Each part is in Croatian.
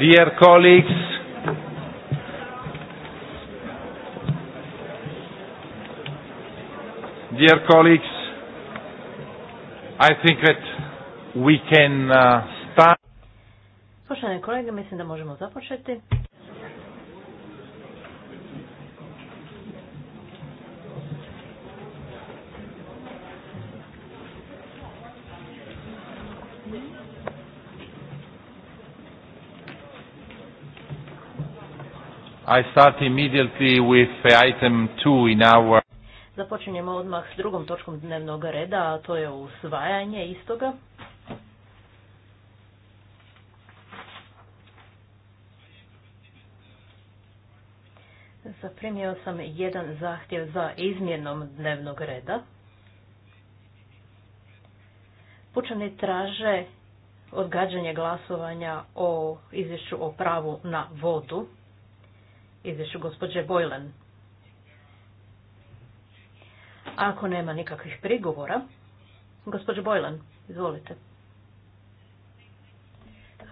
Dear colleagues, dear colleagues, I think that we can uh, start. Poštovane kolege, mislim da možemo započeti. I start immediately with uh, item two in our... Započinjemo odmah s drugom točkom dnevnog reda, a to je usvajanje istoga. Zaprimio sam jedan zahtjev za izmjenom dnevnog reda. Pučani traže odgađanje glasovanja o izvješću o pravu na vodu izvješću gospođe Bojlan. Ako nema nikakvih prigovora, gospođo boylan izvolite.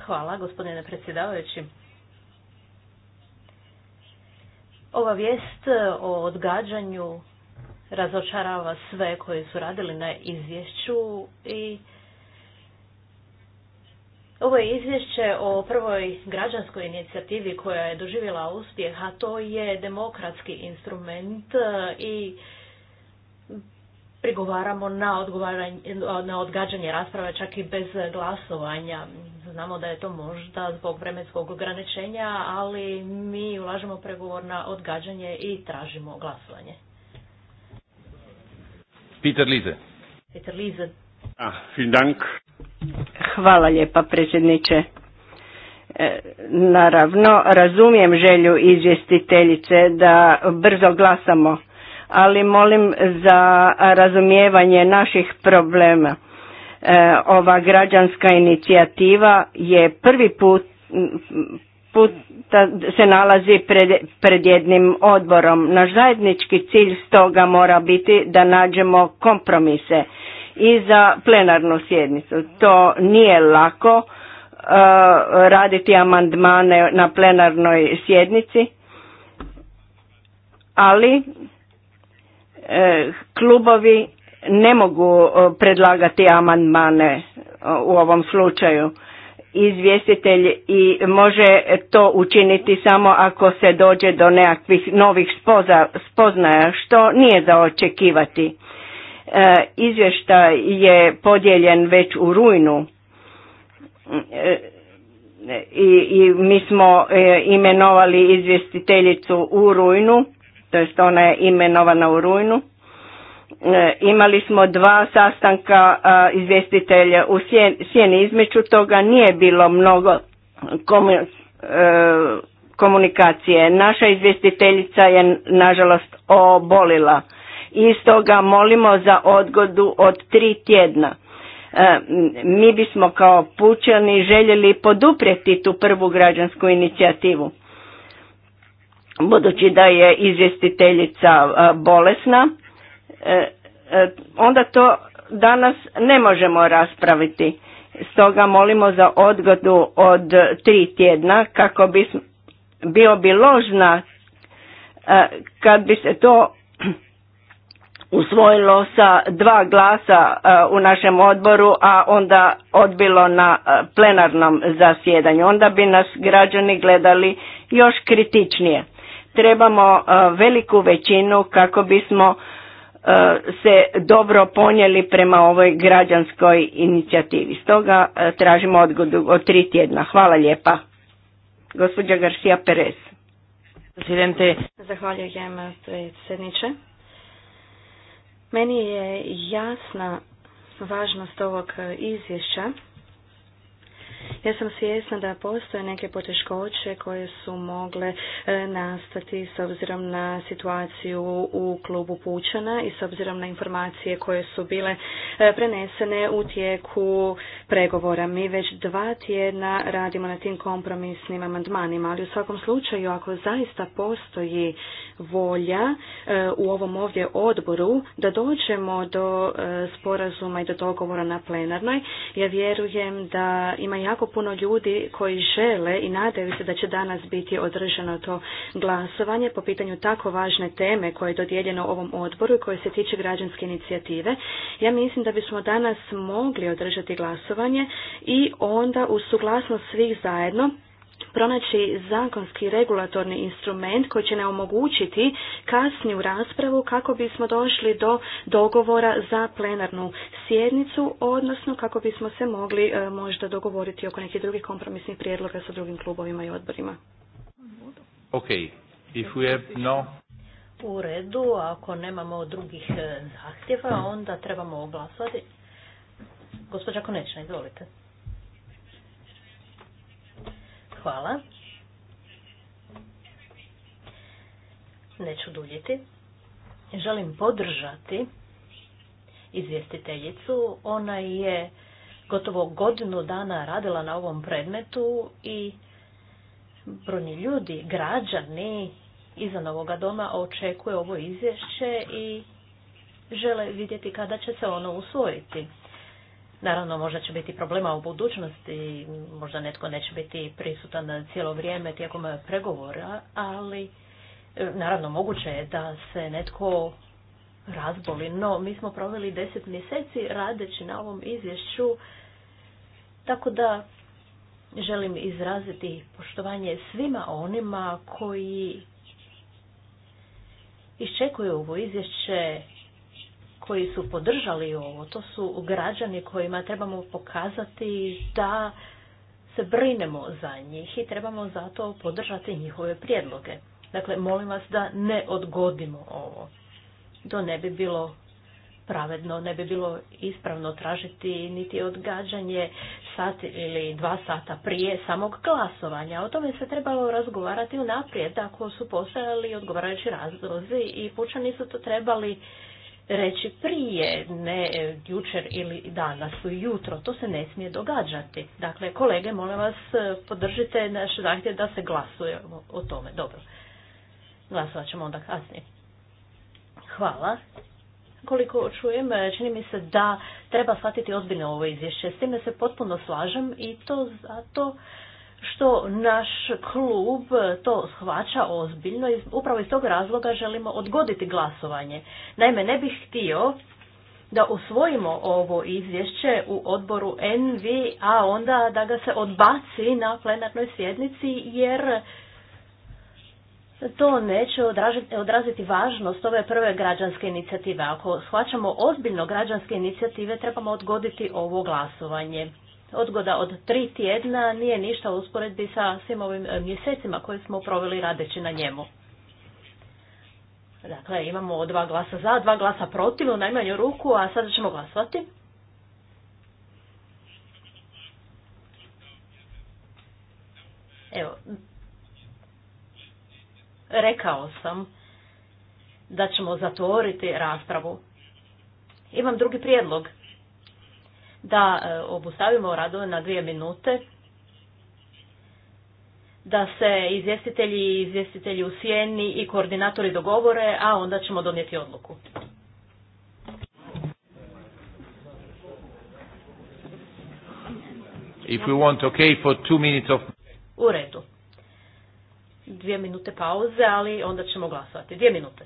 Hvala, gospodine predsjedavajući. Ova vijest o odgađanju razočarava sve koji su radili na izvješću i ovo je izvješće o prvoj građanskoj inicijativi koja je doživjela uspjeh, a to je demokratski instrument e, i prigovaramo na, na odgađanje rasprave čak i bez glasovanja. Znamo da je to možda zbog vremenskog ograničenja, ali mi ulažemo pregovor na odgađanje i tražimo glasovanje. Peter Lize. Peter Lize. Ah, Dank. Hvala lijepa predsjedniče. E, naravno, razumijem želju izvjestiteljice da brzo glasamo, ali molim za razumijevanje naših problema. E, ova građanska inicijativa je prvi put, put se nalazi pred, pred jednim odborom. Naš zajednički cilj stoga mora biti da nađemo kompromise i za plenarnu sjednicu. To nije lako uh, raditi amandmane na plenarnoj sjednici, ali uh, klubovi ne mogu uh, predlagati amandmane u ovom slučaju. Izvjestitelj i može to učiniti samo ako se dođe do nekakvih novih spoznaja, što nije za očekivati E, izvještaj je podijeljen već u rujnu e, i, i mi smo e, imenovali izvjestiteljicu u rujnu, to jest ona je imenovana u rujnu. Imali smo dva sastanka izvjestitelja u sjeni, između toga nije bilo mnogo komunikacije. Naša izvjestiteljica je nažalost obolila i stoga molimo za odgodu od tri tjedna. E, mi bismo kao pučani željeli poduprijeti tu prvu građansku inicijativu. Budući da je izvjestiteljica e, bolesna, e, onda to danas ne možemo raspraviti. Stoga molimo za odgodu od tri tjedna kako bi bio bi ložna kad bi se to usvojilo sa dva glasa e, u našem odboru, a onda odbilo na e, plenarnom zasjedanju. Onda bi nas građani gledali još kritičnije. Trebamo e, veliku većinu kako bismo se dobro ponijeli prema ovoj građanskoj inicijativi. Stoga tražimo odgodu od tri tjedna. Hvala lijepa. Gospođa Garcia Perez. Presidente. Zahvaljujem predsjedniče. Meni je jasna važnost ovog e, izvješća ja sam svjesna da postoje neke poteškoće koje su mogle e, nastati s obzirom na situaciju u klubu Pučana i s obzirom na informacije koje su bile e, prenesene u tijeku pregovora. Mi već dva tjedna radimo na tim kompromisnim amandmanima, ali u svakom slučaju ako zaista postoji volja e, u ovom ovdje odboru da dođemo do sporazuma i do dogovora na plenarnoj, ja vjerujem da ima jako puno ljudi koji žele i nadaju se da će danas biti održano to glasovanje po pitanju tako važne teme koje je dodijeljeno ovom odboru i koje se tiče građanske inicijative. Ja mislim da bismo danas mogli održati glasovanje i onda u suglasnost svih zajedno pronaći zakonski regulatorni instrument koji će nam omogućiti kasniju raspravu kako bismo došli do dogovora za plenarnu sjednicu, odnosno kako bismo se mogli e, možda dogovoriti oko nekih drugih kompromisnih prijedloga sa drugim klubovima i odborima. if no... U redu, ako nemamo drugih e, zahtjeva, onda trebamo glasovati. Gospođa Konečna, izvolite. Hvala. Neću duljiti. Želim podržati izvjestiteljicu. Ona je gotovo godinu dana radila na ovom predmetu i brojni ljudi, građani iza ovoga doma očekuje ovo izvješće i žele vidjeti kada će se ono usvojiti. Naravno, možda će biti problema u budućnosti, možda netko neće biti prisutan cijelo vrijeme tijekom pregovora, ali e, naravno moguće je da se netko razboli. No, mi smo proveli deset mjeseci radeći na ovom izvješću, tako da želim izraziti poštovanje svima onima koji iščekuju ovo izvješće koji su podržali ovo. To su građani kojima trebamo pokazati da se brinemo za njih i trebamo zato podržati njihove prijedloge. Dakle, molim vas da ne odgodimo ovo. To ne bi bilo pravedno, ne bi bilo ispravno tražiti niti odgađanje sat ili dva sata prije samog glasovanja. O tome se trebalo razgovarati unaprijed ako su postojali odgovarajući razlozi i pučani su to trebali reći prije, ne e, jučer ili danas ujutro. To se ne smije događati. Dakle, kolege, molim vas, e, podržite naš zahtjev da se glasuje o tome. Dobro. Glasovat ćemo onda kasnije. Hvala. Koliko čujem, e, čini mi se da treba shvatiti ozbiljno ovo izvješće. S time se potpuno slažem i to zato što naš klub to shvaća ozbiljno i upravo iz tog razloga želimo odgoditi glasovanje. Naime, ne bih htio da usvojimo ovo izvješće u odboru ENVI, a onda da ga se odbaci na plenarnoj sjednici jer to neće odraziti važnost ove prve građanske inicijative. Ako shvaćamo ozbiljno građanske inicijative, trebamo odgoditi ovo glasovanje odgoda od tri tjedna nije ništa u usporedbi sa svim ovim mjesecima koje smo proveli radeći na njemu. Dakle, imamo dva glasa za, dva glasa protiv u najmanju ruku, a sada ćemo glasovati. Evo, rekao sam da ćemo zatvoriti raspravu. Imam drugi prijedlog da e, obustavimo radove na dvije minute, da se izvjestitelji i izvjestitelji u sjeni i koordinatori dogovore, a onda ćemo donijeti odluku. If we want, okay, for minutes of... U redu. Dvije minute pauze, ali onda ćemo glasovati. Dvije minute.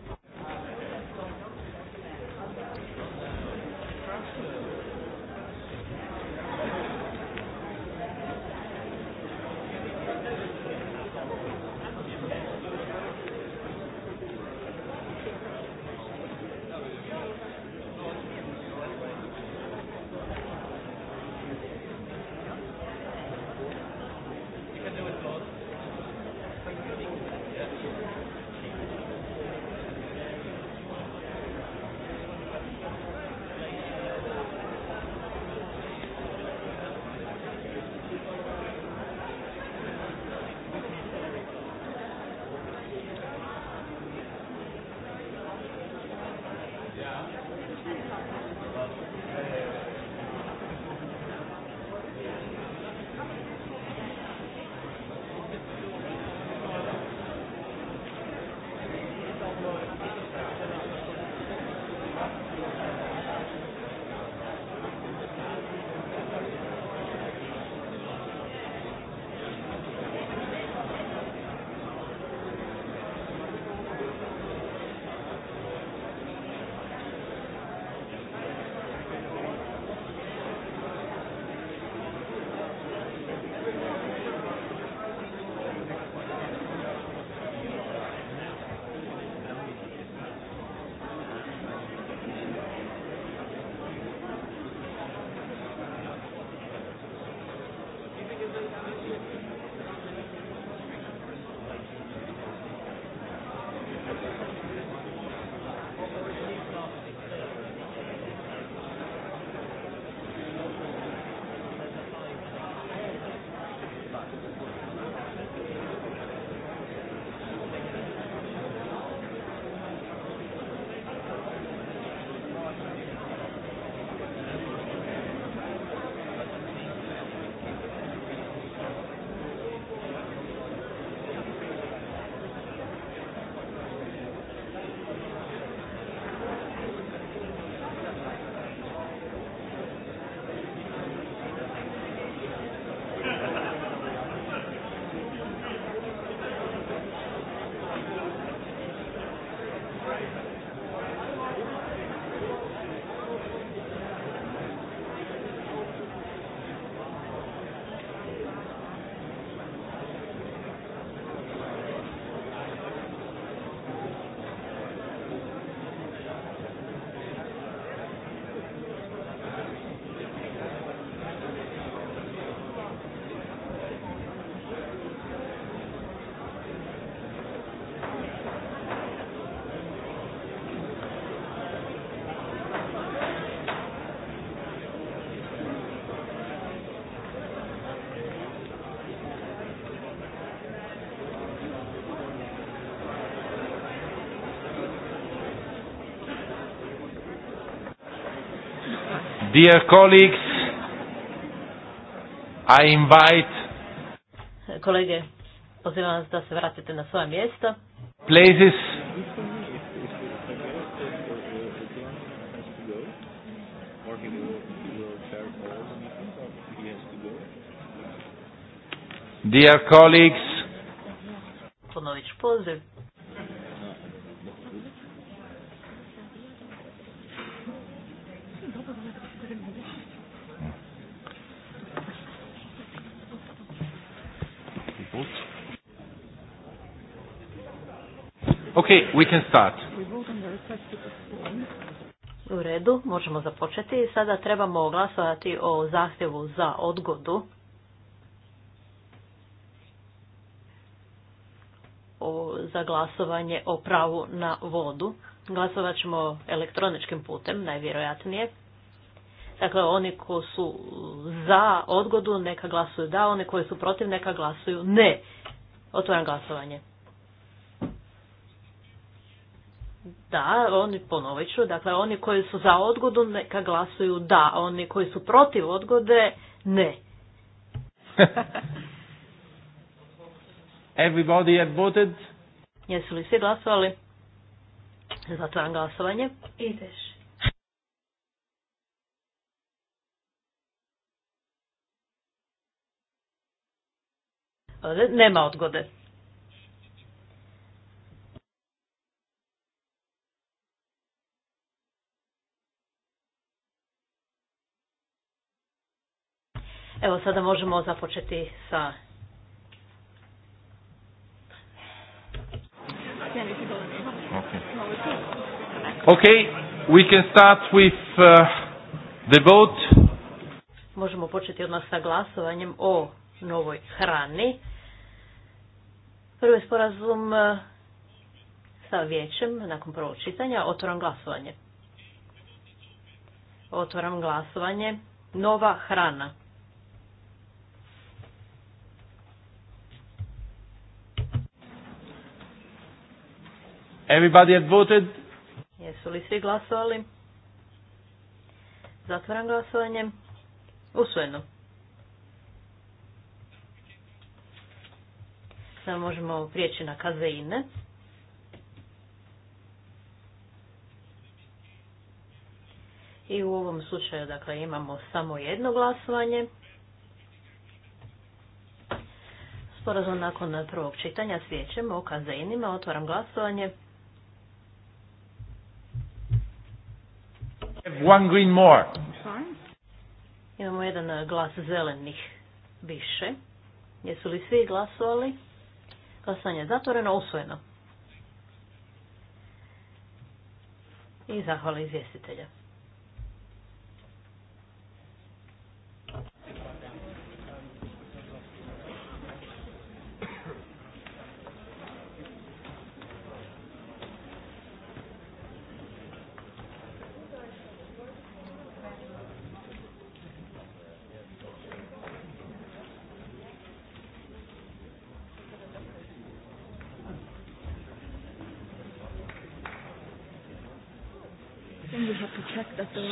Dear colleagues, I invite Kolege, pozivam vas da se vratite na svoje mjesta. Places. Dear colleagues. Ponovit pozdrav. we can start. U redu, možemo započeti. Sada trebamo glasovati o zahtjevu za odgodu. O, za glasovanje o pravu na vodu. Glasovat ćemo elektroničkim putem, najvjerojatnije. Dakle, oni koji su za odgodu, neka glasuju da, oni koji su protiv, neka glasuju ne. Otvoram glasovanje. Da, oni ponovit ću, dakle oni koji su za odgodu neka glasuju da, oni koji su protiv odgode ne. Everybody had voted. Jesu li svi glasovali? Zatvaram glasovanje. Ideš. Nema odgode. Evo sada možemo započeti sa we can start with uh, the vote. Možemo početi odmah sa glasovanjem o novoj hrani. Prvi sporazum uh, sa vijećem nakon prvog čitanja. Otvoram glasovanje. Otvoram glasovanje. Nova hrana. Everybody had voted? Jesu li svi glasovali? Zatvaram glasovanje. Usvojeno. Sada možemo prijeći na kazeine. I u ovom slučaju dakle, imamo samo jedno glasovanje. Sporazum nakon prvog čitanja svijećemo o kazeinima. Otvaram glasovanje. One green more. Imamo jedan eh, glas zelenih više. Jesu li svi glasovali? Glasanje je zatvoreno, usvojeno. I zahvala izvjestitelja.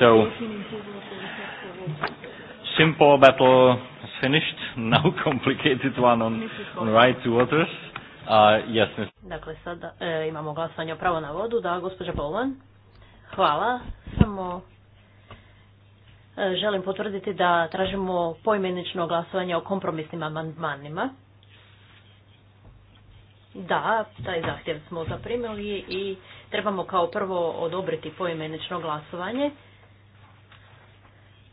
So, simple battle finished. complicated one on, on right to waters. Uh, yes, Dakle, sada e, imamo glasanje pravo na vodu. Da, gospođa Bolan. Hvala. Samo e, želim potvrditi da tražimo poimenično glasovanje o kompromisnim amandmanima. Da, taj zahtjev smo zaprimili i trebamo kao prvo odobriti poimenično glasovanje.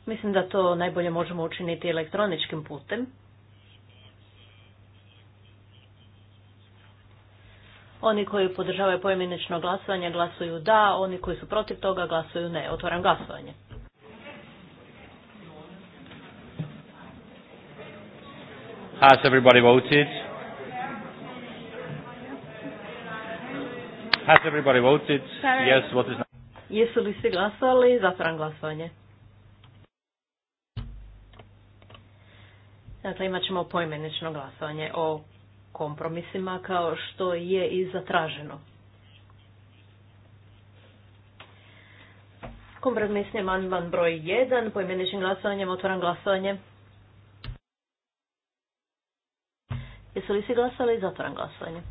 Mislim da to najbolje možemo učiniti elektroničkim putem. Oni koji podržavaju poimenično glasovanje glasuju da, oni koji su protiv toga glasuju ne. Otvaram glasovanje. Has everybody voted? Has everybody voted? Yes, what is... Jesu li svi glasovali? Zatvaram glasovanje. Dakle, imat ćemo poimenično glasovanje o kompromisima kao što je i zatraženo. Kompromisni amandman broj 1, poimeničnim glasovanjem otvaram glasovanje. Jesu li svi glasali? Zatvaram glasovanje.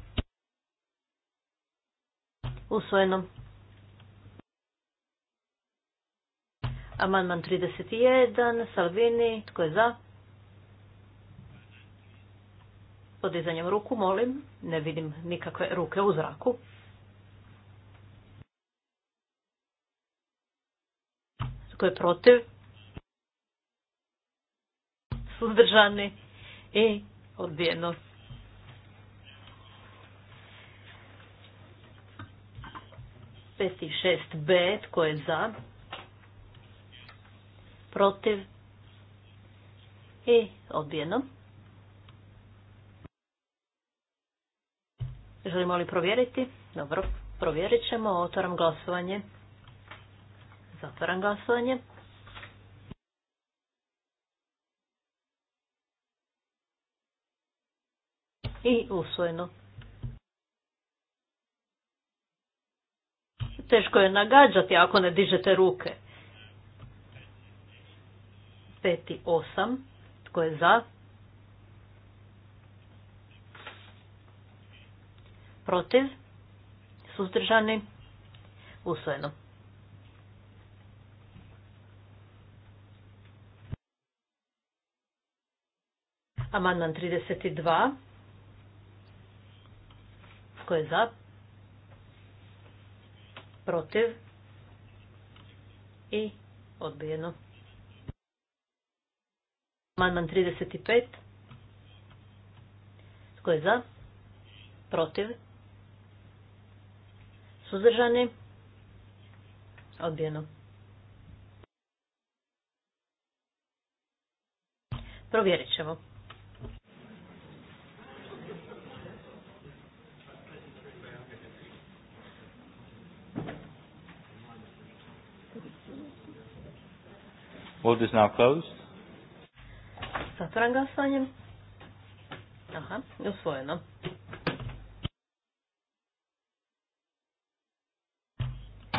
Usvojeno. Amandman 31, Salvini, tko je za? Podizanjem ruku, molim, ne vidim nikakve ruke u zraku. Tko je protiv? Suzdržani i odbijenost. 6 b tko je za, protiv i odbijeno. Želimo li provjeriti? Dobro, provjerit ćemo. Otvaram glasovanje. Zatvaram glasovanje. I usvojeno. teško je nagađati ako ne dižete ruke. Peti osam. Tko je za? Protiv? Suzdržani? Usvojeno. Amandman 32. Tko je za? protiv i odbijeno. Amandman 35. Tko je za? Protiv? Suzdržani? Odbijeno. Provjerit ćemo. Vote is now closed. glasovanje. Aha, usvojeno.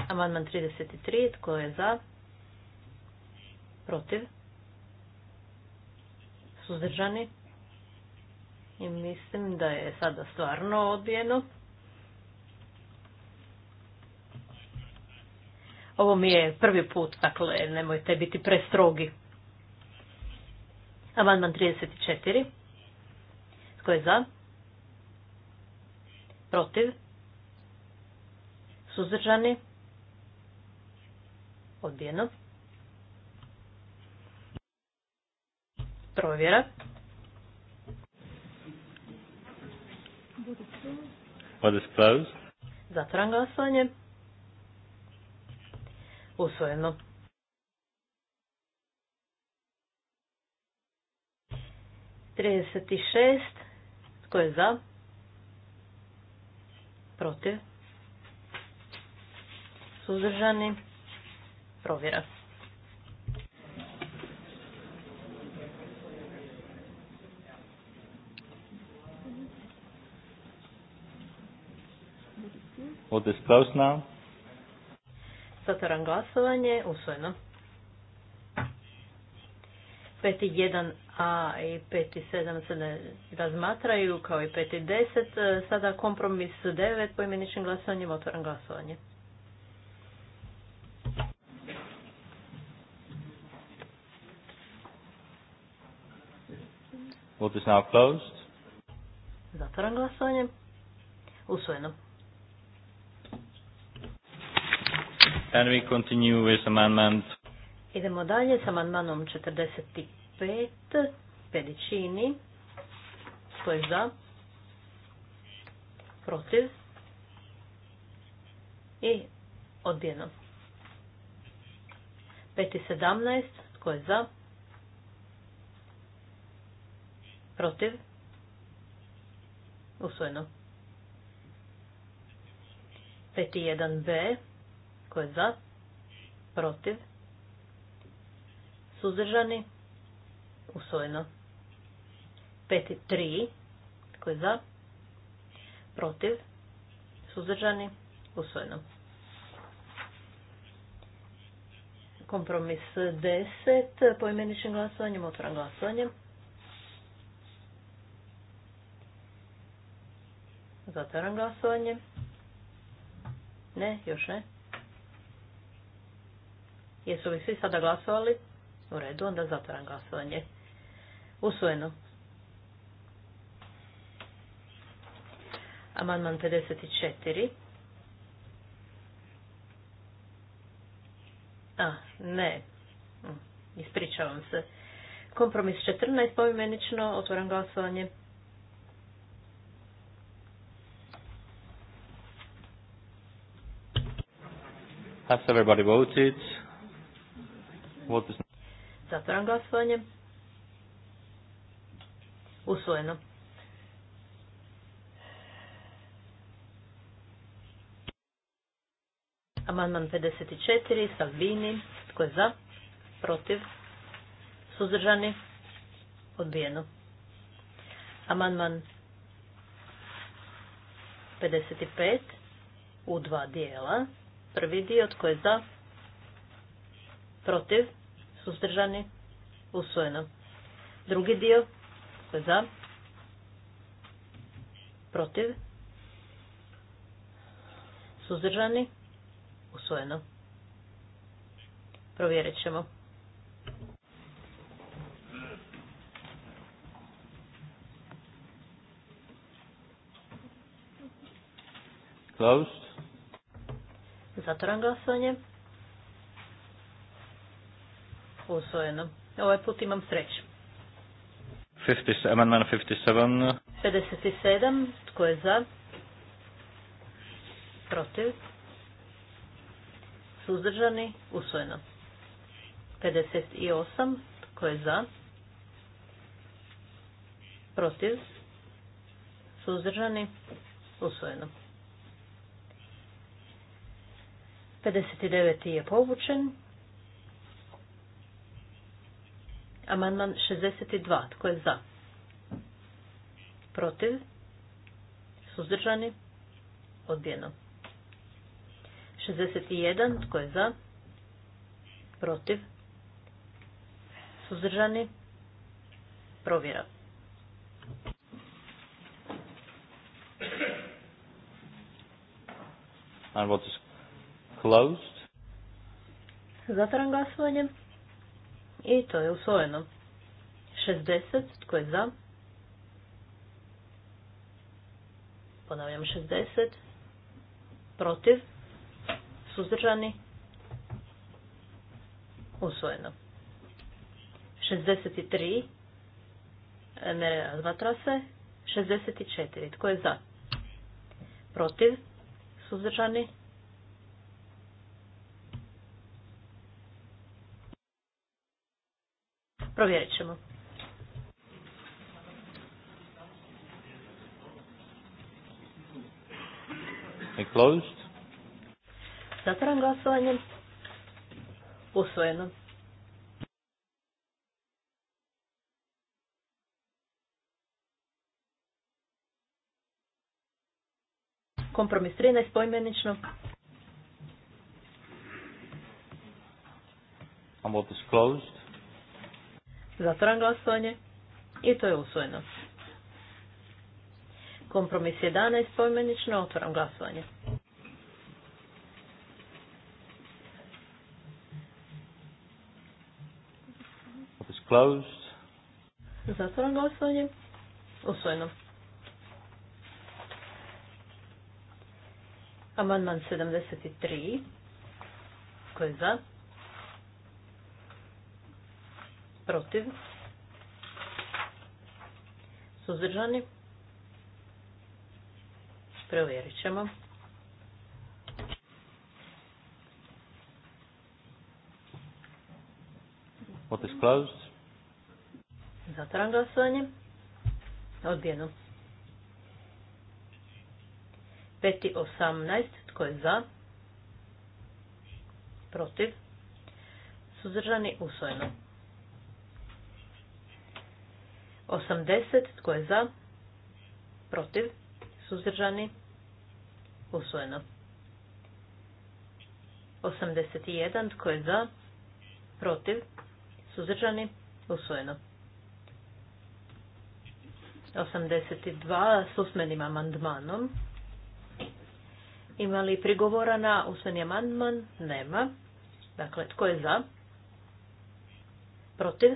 Amandman 33, tko je za? Protiv? Suzdržani? I mislim da je sada stvarno odbijeno. Ovo mi je prvi put, dakle nemojte biti prestrogi. Amandman 34. Tko je za? Protiv? Suzdržani? Odbijeno. Provjera. What glasovanje usvojeno. 36. šest, tko je za? Protiv? Suzdržani? Provjera. What is closed now? Zatvaram glasovanje. Usvojeno. 5.1a i 5.7 se ne razmatraju kao i 5.10. Sada kompromis 9 po imeničnim glasovanjem. Otvaram glasovanje. Vote is now closed. Zatvaram glasovanje. Usvojeno. And we continue with amendment. Idemo dalje s amandmanom 45, Pedicini. Tko je za? Protiv? I odbijeno. 5.17 i je za? Protiv? Usvojeno. 51 1b, tko je za? Protiv? Suzdržani? Usvojeno. Peti tri, Tko je za? Protiv? Suzdržani? Usvojeno. Kompromis 10. imeničnim glasovanjem. Otvoram glasovanjem. Zatvaram glasovanje. Ne, još ne. Jesu li svi sada glasovali? U redu, onda zatvaram glasovanje. Usvojeno. Amandman 54. A, ne. Mm, ispričavam se. Kompromis 14, povimenično, otvoram glasovanje. Has everybody voted? Zatvaram glasovanje. Usvojeno. Amandman 54, Salvini, tko je za, protiv, suzdržani, odbijeno. Amandman 55, u dva dijela, prvi dio, tko je za, protiv, suzdržani, usvojeno. Drugi dio, za, protiv, suzdržani, usvojeno. Provjerit ćemo. Closed. Zatvoram glasovanje usvojeno. Ovaj put imam sreću. 57. 57. Tko je za? Protiv? Suzdržani? Usvojeno. 58. Tko je za? Protiv? Suzdržani? Usvojeno. 59. je povučen. Amandman 62. Tko je za? Protiv? Suzdržani? Odbijeno. 61. Tko je za? Protiv? Suzdržani? Provjera. And what closed? Zatvaram glasovanje. I to je usvojeno. 60, tko je za? Ponavljam 60. Protiv? Suzdržani? Usvojeno. 63. Ne razmatra se. 64. Tko je za? Protiv? Suzdržani? Provjerit ćemo. Closed. Zatvaram glasovanje. Usvojeno. Kompromis 13 poimenično. And Zatvoram glasovanje i to je usvojeno. Kompromis 11 pojmenično otvoram glasovanje. Closed. Zatvoram glasovanje. Usvojeno. Amandman 73. Ko je za? Protiv? Suzdržani? Provjerit ćemo. Otis is closed. Zatvaram glasovanje. Odbijeno. osamnaest Tko je za? Protiv? Suzdržani usvojeno. 80. Tko je za? Protiv? Suzdržani? Usvojeno. 81. Tko je za? Protiv? Suzdržani? Usvojeno. 82. S usmenim amandmanom. Ima li prigovora na usmeni amandman? Nema. Dakle, tko je za? Protiv?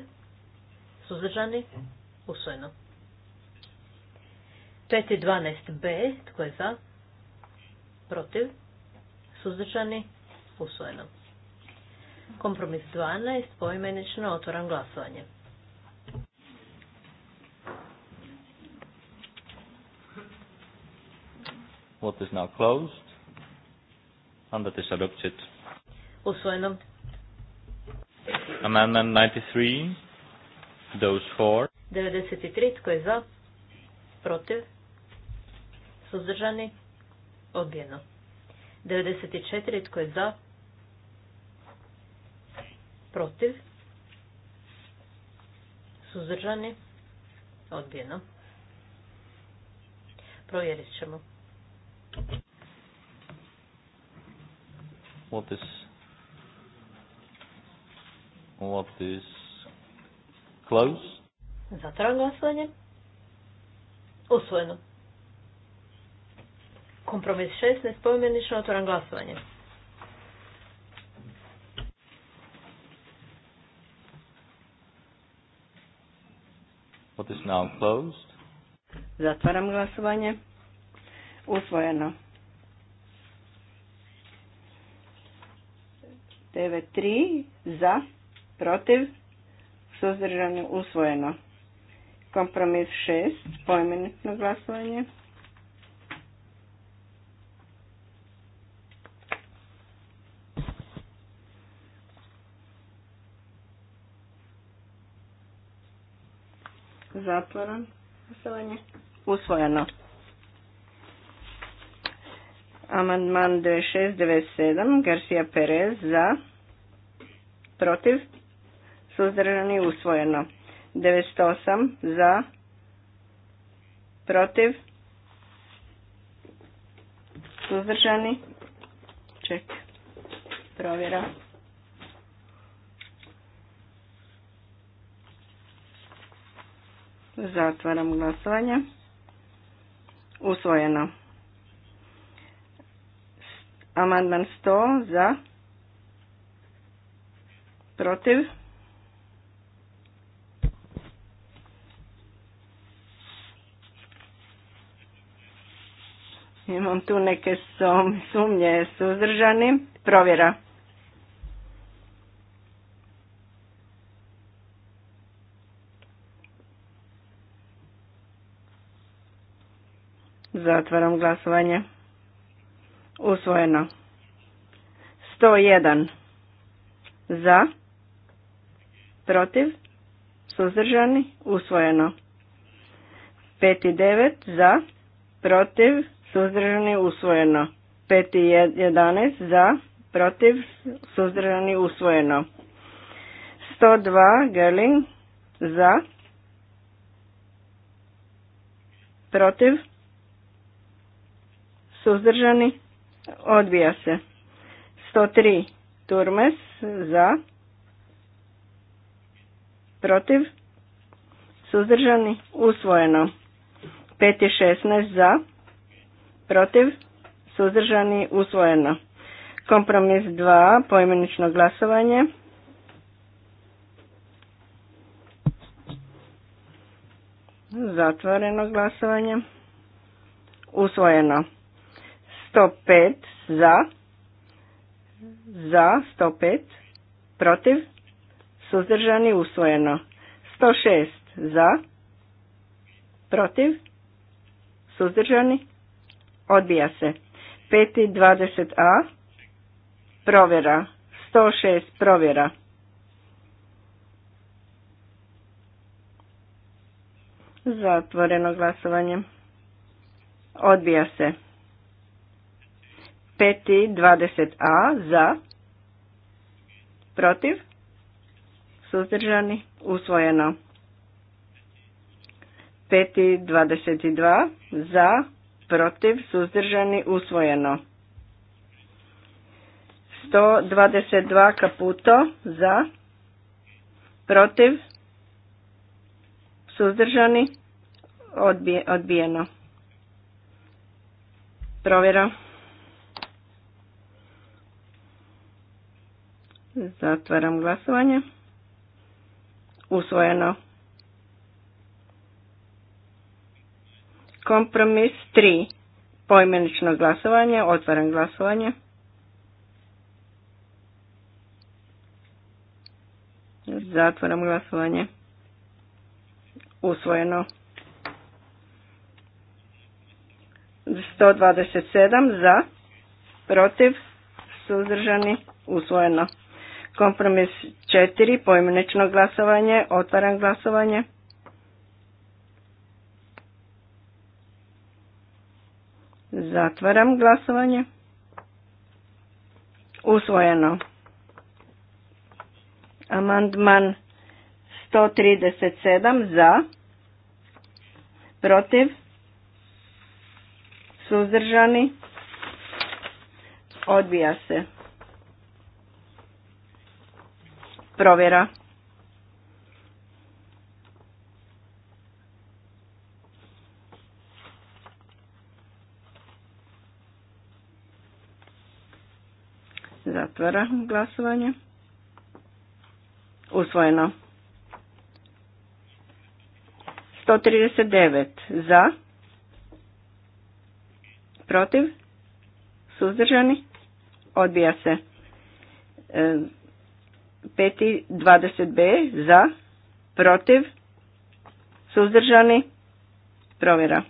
Suzdržani? Usvojeno. 512b. Tko je za? Protiv? Suzdržani? Usvojeno. Kompromis 12. Poimenično otvoram glasovanje. What is now closed? And that is adopted. Usvojeno. Amendment 93. Those four. 93. Tko je za? Protiv? Suzdržani? Odbijeno. 94. Tko je za? Protiv? Suzdržani? Odbijeno. Provjerit ćemo. What is what is close? Zatvaram glasovanje. Usvojeno. Kompromis 16, pojmenično otvoram glasovanje. Zatvaram glasovanje. Usvojeno. 9.3 za, protiv, suzdržani, usvojeno. Kompromis 6, pojmenitno glasovanje. Zatvoran glasovanje. Usvojeno. Amandman 2697, Garcia Perez za, protiv, suzdržani, usvojeno. 908 za, protiv, suzdržani, ček, provjera. Zatvaram glasovanje. Usvojeno. Amandman 100 za, protiv, Imam tu neke sumnje suzdržani. Provjera. Zatvaram glasovanje. Usvojeno. 101. Za. Protiv. Suzdržani. Usvojeno. 5 i 9. Za. Protiv suzdržani usvojeno. 5 za, protiv, suzdržani usvojeno. 102 Gerling za, protiv, suzdržani, odbija se. 103 Turmes za, protiv, suzdržani, usvojeno. 5 i 16 za, protiv, suzdržani, usvojeno. Kompromis 2, poimenično glasovanje. Zatvoreno glasovanje. Usvojeno. 105 za. Za 105. Protiv. Suzdržani usvojeno. 106 za. Protiv. Suzdržani Odbija se. 5.20a. Provjera. 106. Provjera. Zatvoreno glasovanje. Odbija se. 5.20a. Za. Protiv. Suzdržani. Usvojeno. 5.22. Za protiv, suzdržani, usvojeno. 122 kaputo za, protiv, suzdržani, odbijeno. Provjera. Zatvaram glasovanje. Usvojeno. Kompromis 3. Poimenično glasovanje. Otvaram glasovanje. Zatvaram glasovanje. Usvojeno. 127 za, protiv, suzdržani, usvojeno. Kompromis 4, poimenično glasovanje, otvaram glasovanje. Zatvaram glasovanje. Usvojeno. Amandman 137 za, protiv, suzdržani, odbija se. Provjera. Zatvara glasovanje. Usvojeno. 139 za. Protiv. Suzdržani. Odbija se. 5.20b e, za. Protiv. Suzdržani. Provjera.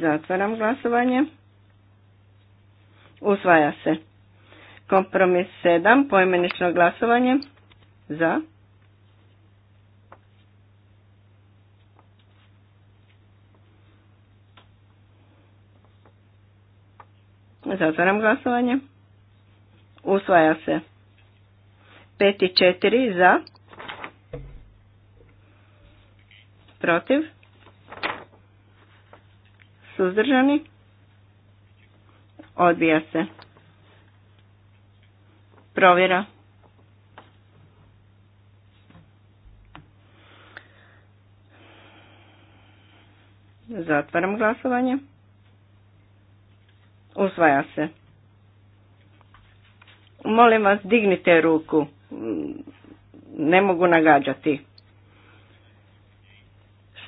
Zatvaram glasovanje. Usvaja se. Kompromis 7. pojmenično glasovanje. Za. Zatvaram glasovanje. Usvaja se. 5 i 4 za. Protiv suzdržani, odbija se. Provjera. Zatvaram glasovanje. Usvaja se. Molim vas, dignite ruku. Ne mogu nagađati.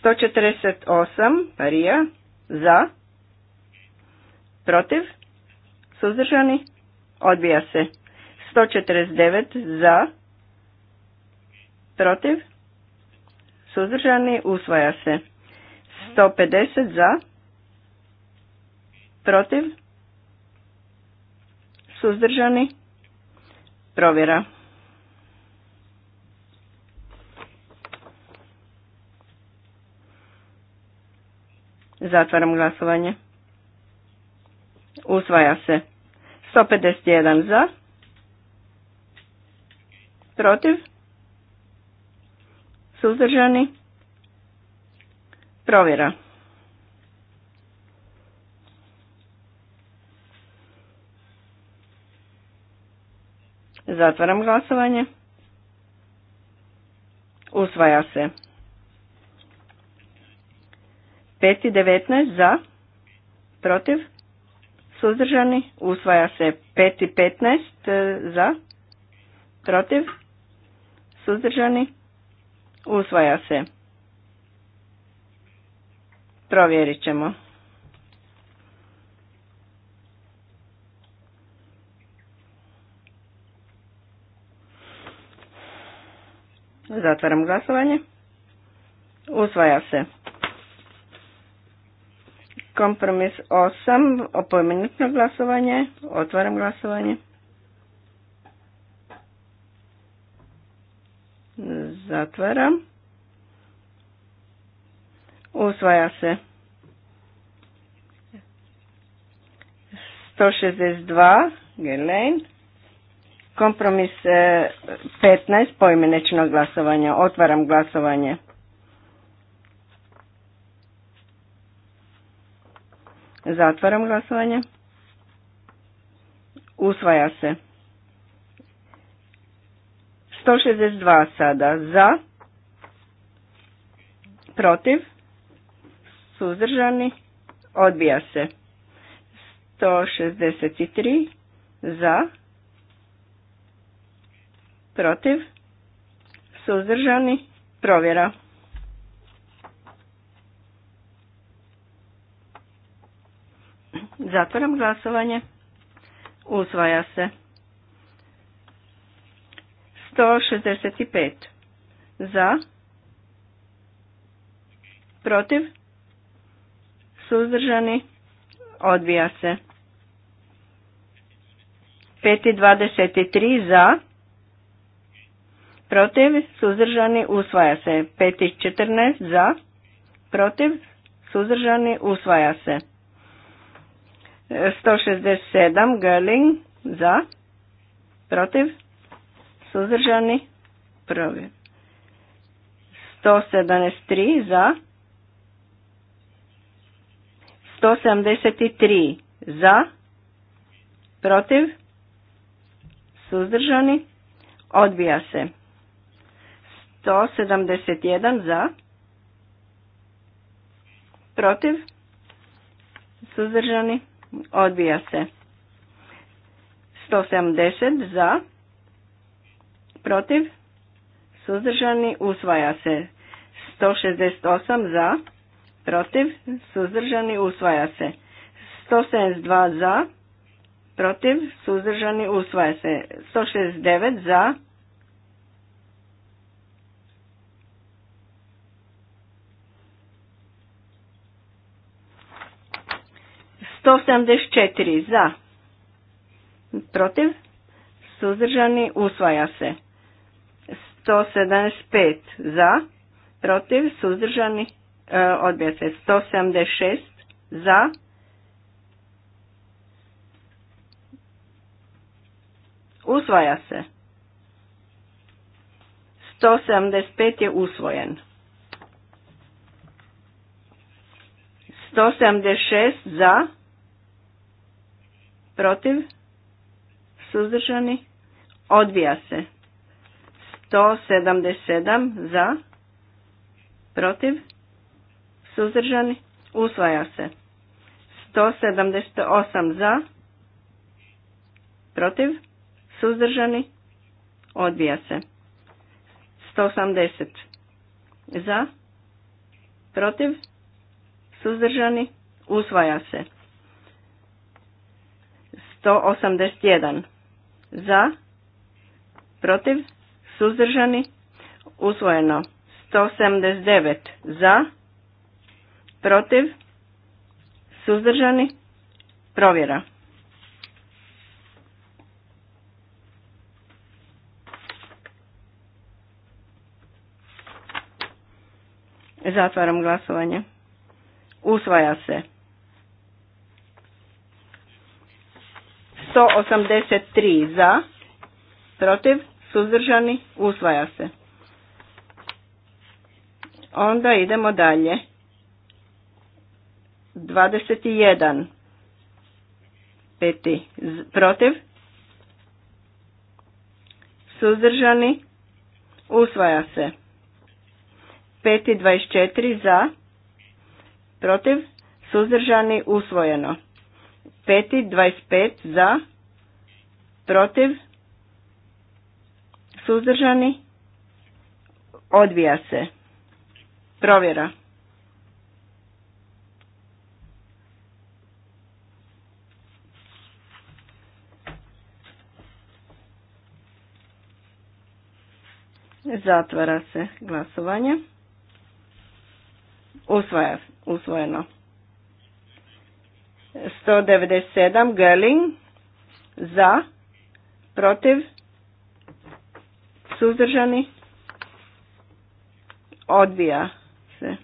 148, Parija za, protiv, suzdržani, odbija se. 149 za, protiv, suzdržani, usvaja se. 150 za, protiv, suzdržani, provjera. Zatvaram glasovanje. Usvaja se. 151 za. Protiv. Suzdržani. Provjera. Zatvaram glasovanje. Usvaja se. 5 i 19 za, protiv, suzdržani, usvaja se 5 i 15 za, protiv, suzdržani, usvaja se. Provjerit ćemo. Zatvaram glasovanje. Usvaja se. Kompromis 8, opomenutno glasovanje, otvaram glasovanje. Zatvaram. Usvaja se. 162, Gerlein. Kompromis 15, eh, pojmenečno glasovanje. Otvaram glasovanje. Zatvaram glasovanje. Usvaja se. 162 sada za, protiv, suzdržani, odbija se. 163 za, protiv, suzdržani, provjera. Zatvoram glasovanje. Usvaja se. 165. Za. Protiv. Suzdržani. Odbija se. 5.23 za. Protiv. Suzdržani. Usvaja se. 5.14 za. Protiv. Suzdržani. Usvaja se. 167 Gerling za protiv suzdržani prvi 173 za 173 za protiv suzdržani odbija se 171 za protiv suzdržani odbija se. 170 za, protiv, suzdržani, usvaja se. 168 za, protiv, suzdržani, usvaja se. 172 za, protiv, suzdržani, usvaja se. 169 za, 174 za. Protiv. Suzdržani. Usvaja se. 175 za. Protiv. Suzdržani. E, odbija se. 176 za. Usvaja se. 175 je usvojen. 176 za protiv, suzdržani, odbija se. 177 za, protiv, suzdržani, usvaja se. 178 za, protiv, suzdržani, odbija se. 180 za, protiv, suzdržani, usvaja se. 181 za, protiv, suzdržani, usvojeno. 179 za, protiv, suzdržani, provjera. Zatvaram glasovanje. Usvaja se. 183 za, protiv, suzdržani, usvaja se. Onda idemo dalje. 21 peti protiv, suzdržani, usvaja se. 5 24 za, protiv, suzdržani, usvojeno. Peti, 25 za, protiv, suzdržani, odvija se. Provjera. Zatvara se glasovanje. usvojeno. 197 Gerling za protiv suzdržani odbija se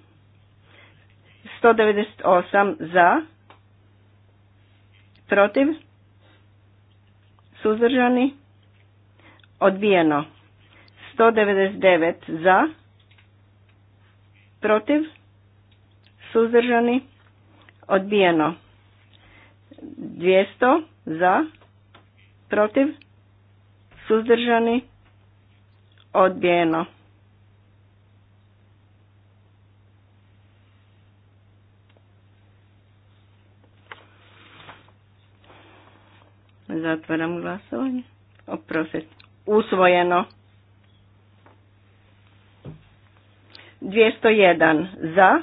198 za protiv suzdržani odbijeno 199 za protiv suzdržani odbijeno 200 za, protiv, suzdržani, odbijeno. Zatvaram glasovanje. Oprostite. Usvojeno. 201 za.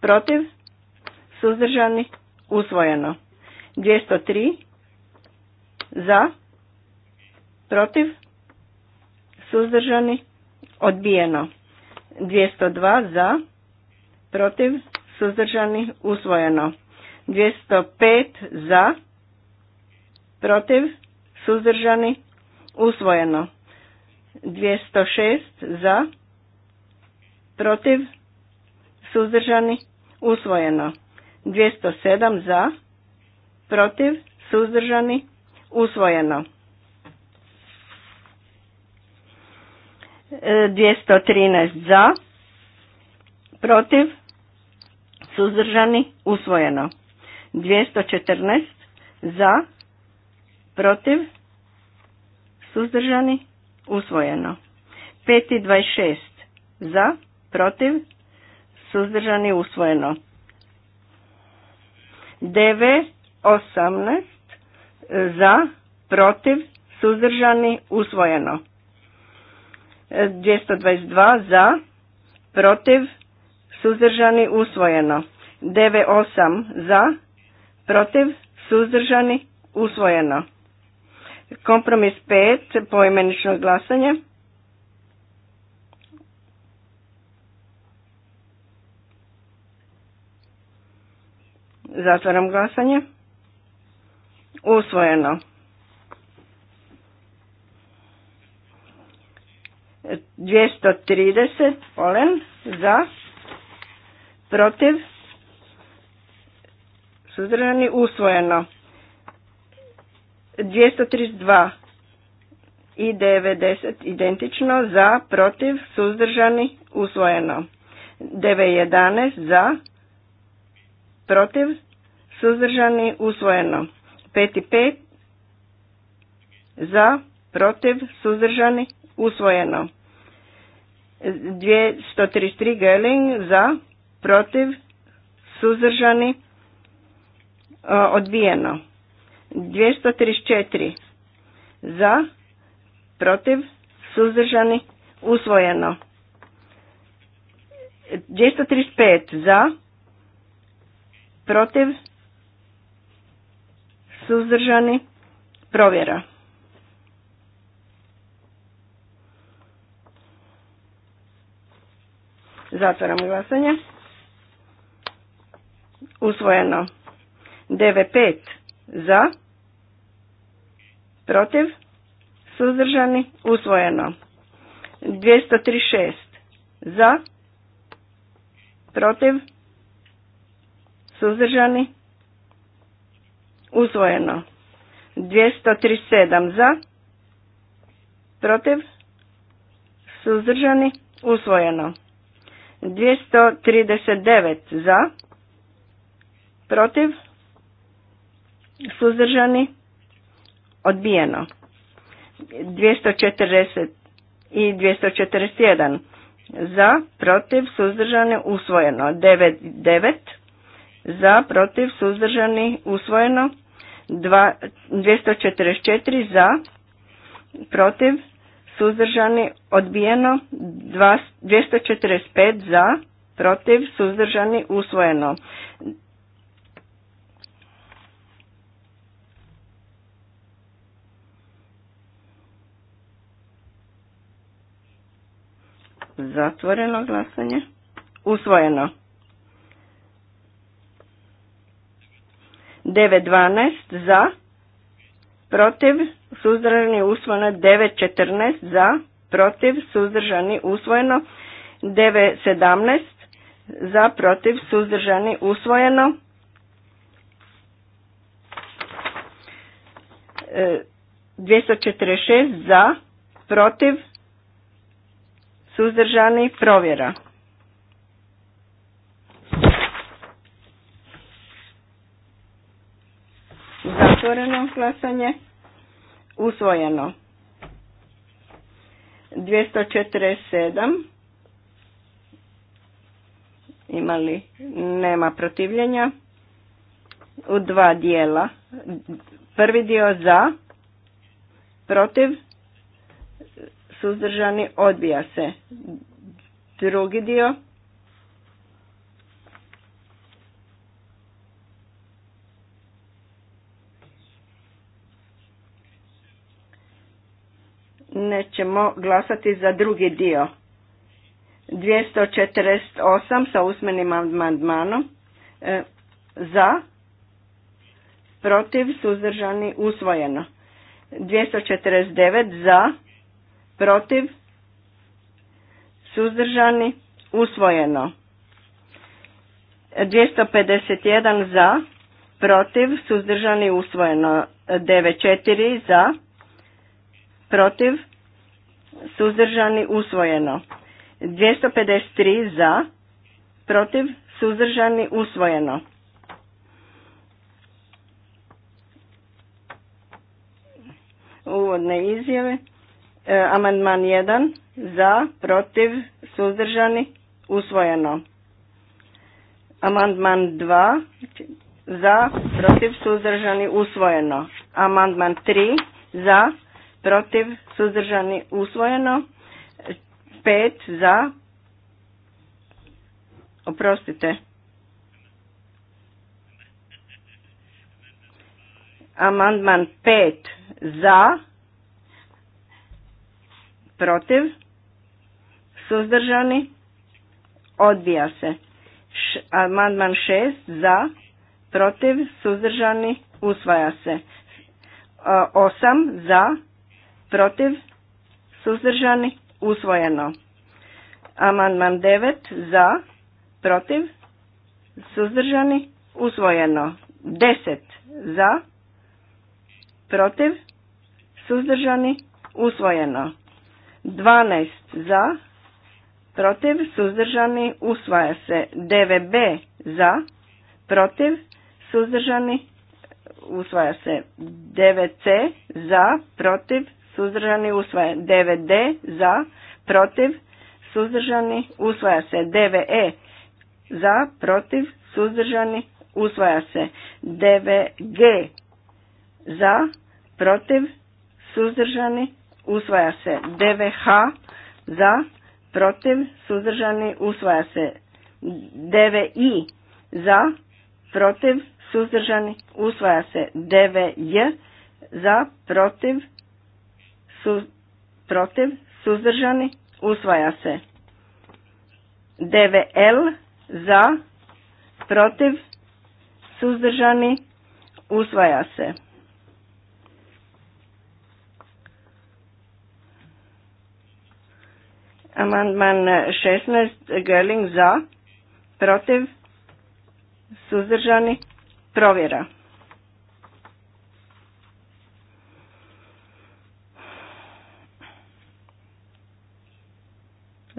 Protiv. Suzdržani, usvojeno. 203 za, protiv, suzdržani, odbijeno. 202 za, protiv, suzdržani, usvojeno. 205 za, protiv, suzdržani, usvojeno. 206 za, protiv, suzdržani, usvojeno. 207 za, protiv, suzdržani, usvojeno. 213 e, za, protiv, suzdržani, usvojeno. 214 za, protiv, suzdržani, usvojeno. 526 za, protiv, suzdržani, usvojeno. 9.18. za, protiv, suzdržani, usvojeno. 222 za, protiv, suzdržani, usvojeno. 98 za, protiv, suzdržani, usvojeno. Kompromis 5, poimenično glasanje. Zatvaram glasanje. Usvojeno. trideset polen za protiv suzdržani usvojeno dva i devedeset identično za protiv suzdržani usvojeno 911 za protiv, suzdržani, usvojeno. 5 i za, protiv, suzdržani, usvojeno. 233 Geling za, protiv, suzdržani, odbijeno. 234 za, protiv, suzdržani, usvojeno. 235 za, protiv, suzdržani, provjera. Zatvoram glasanje. Usvojeno. DV5. za. Protiv. Suzdržani. Usvojeno. 236 za. Protiv. Suzdržani? Usvojeno. 237 za. Protiv? Suzdržani? Usvojeno. 239 za. Protiv? Suzdržani? Odbijeno. 240 i 241 za, protiv, suzdržani, usvojeno. 9, 9 za, protiv, suzdržani, usvojeno. 244 za, protiv, suzdržani, odbijeno. 245 za, protiv, suzdržani, usvojeno. Zatvoreno glasanje. Usvojeno. 9.12 za, protiv, suzdržani usvojeno 9.14 za, protiv, suzdržani usvojeno 9.17 za, protiv, suzdržani usvojeno e, 246 za, protiv, suzdržani provjera. glasanje. Usvojeno. 247. Imali? Nema protivljenja. U dva dijela. Prvi dio za, protiv, suzdržani, odbija se. Drugi dio nećemo glasati za drugi dio. 248 sa usmenim amandmanom e, za, protiv, suzdržani, usvojeno. 249 za, protiv, suzdržani, usvojeno. 251 za, protiv, suzdržani, usvojeno. 94 za, protiv, suzdržani, usvojeno. 253 za, protiv, suzdržani, usvojeno. Uvodne izjave. E, amandman 1 za, protiv, suzdržani, usvojeno. Amandman 2 za, protiv, suzdržani, usvojeno. Amandman 3 za, protiv, suzdržani, usvojeno. pet, za, oprostite. Amandman pet, za, protiv, suzdržani, odbija se. amandman šest, za, protiv, suzdržani, usvaja se. osam, za, protiv, suzdržani, usvojeno. Amandman 9 za, protiv, suzdržani, usvojeno. 10 za, protiv, suzdržani, usvojeno. 12 za, protiv, suzdržani, usvaja se. 9b za, protiv, suzdržani, usvaja se. 9c za, protiv, suzdržani, usvaja 9D za, protiv, suzdržani, usvaja se 9E za, protiv, suzdržani, usvaja se 9G za, protiv, suzdržani, usvaja se 9H za, protiv, suzdržani, usvaja se 9I za, protiv, suzdržani, usvaja se 9J za, protiv, su protiv, suzdržani, usvaja se. DVL za, protiv, suzdržani, usvaja se. Amandman 16, Gerling za, protiv, suzdržani, provjera.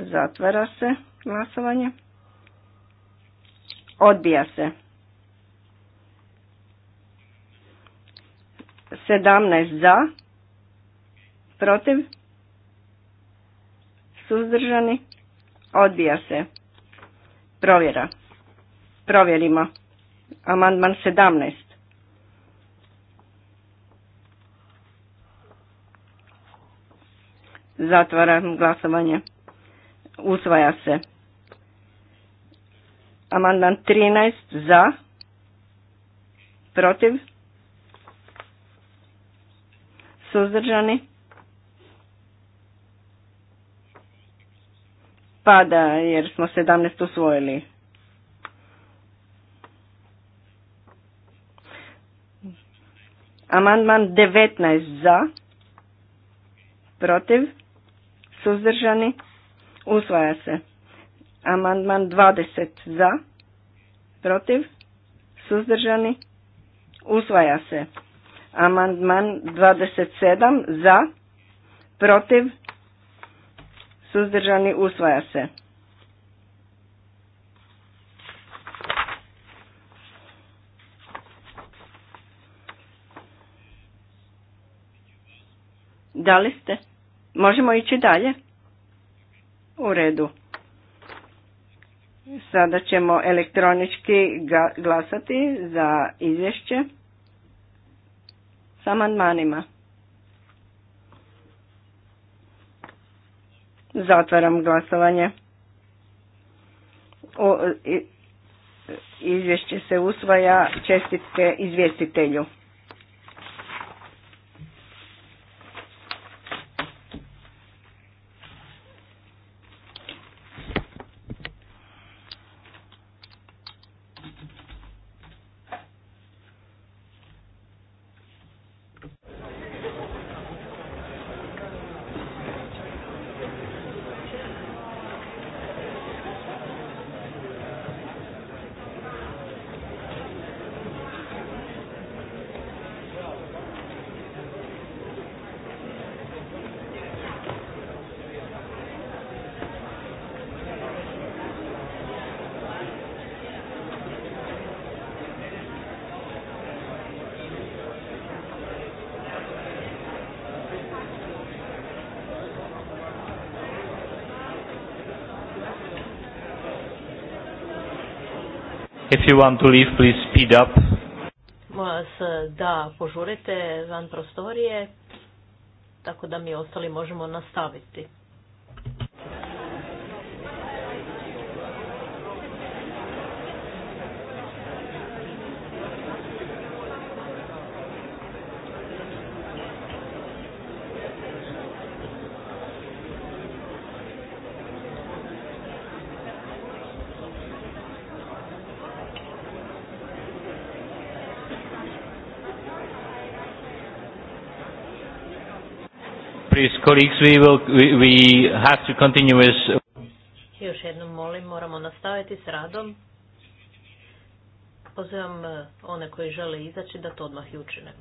Zatvara se glasovanje. Odbija se. 17 za, protiv, suzdržani, odbija se. Provjera. Provjerimo. Amandman 17. Zatvaram glasovanje usvaja se. Amandman 13 za, protiv, suzdržani, pada jer smo 17 usvojili. Amandman 19 za, protiv, suzdržani, Usvaja se. Amandman 20 za. Protiv. Suzdržani. Usvaja se. Amandman 27 za. Protiv. Suzdržani. Usvaja se. Da li ste? Možemo ići dalje? U redu. Sada ćemo elektronički glasati za izvješće sa amandmanima. Zatvaram glasovanje. O, izvješće se usvaja čestitke izvjestitelju. If you want to leave, please speed up. vas eh, da požurite van prostorije, tako da mi ostali možemo nastaviti. colleagues, we, will, we, have to continue with... Još jednom molim, moramo nastaviti s radom. Pozivam eh, one koji žele izaći da to odmah i učine.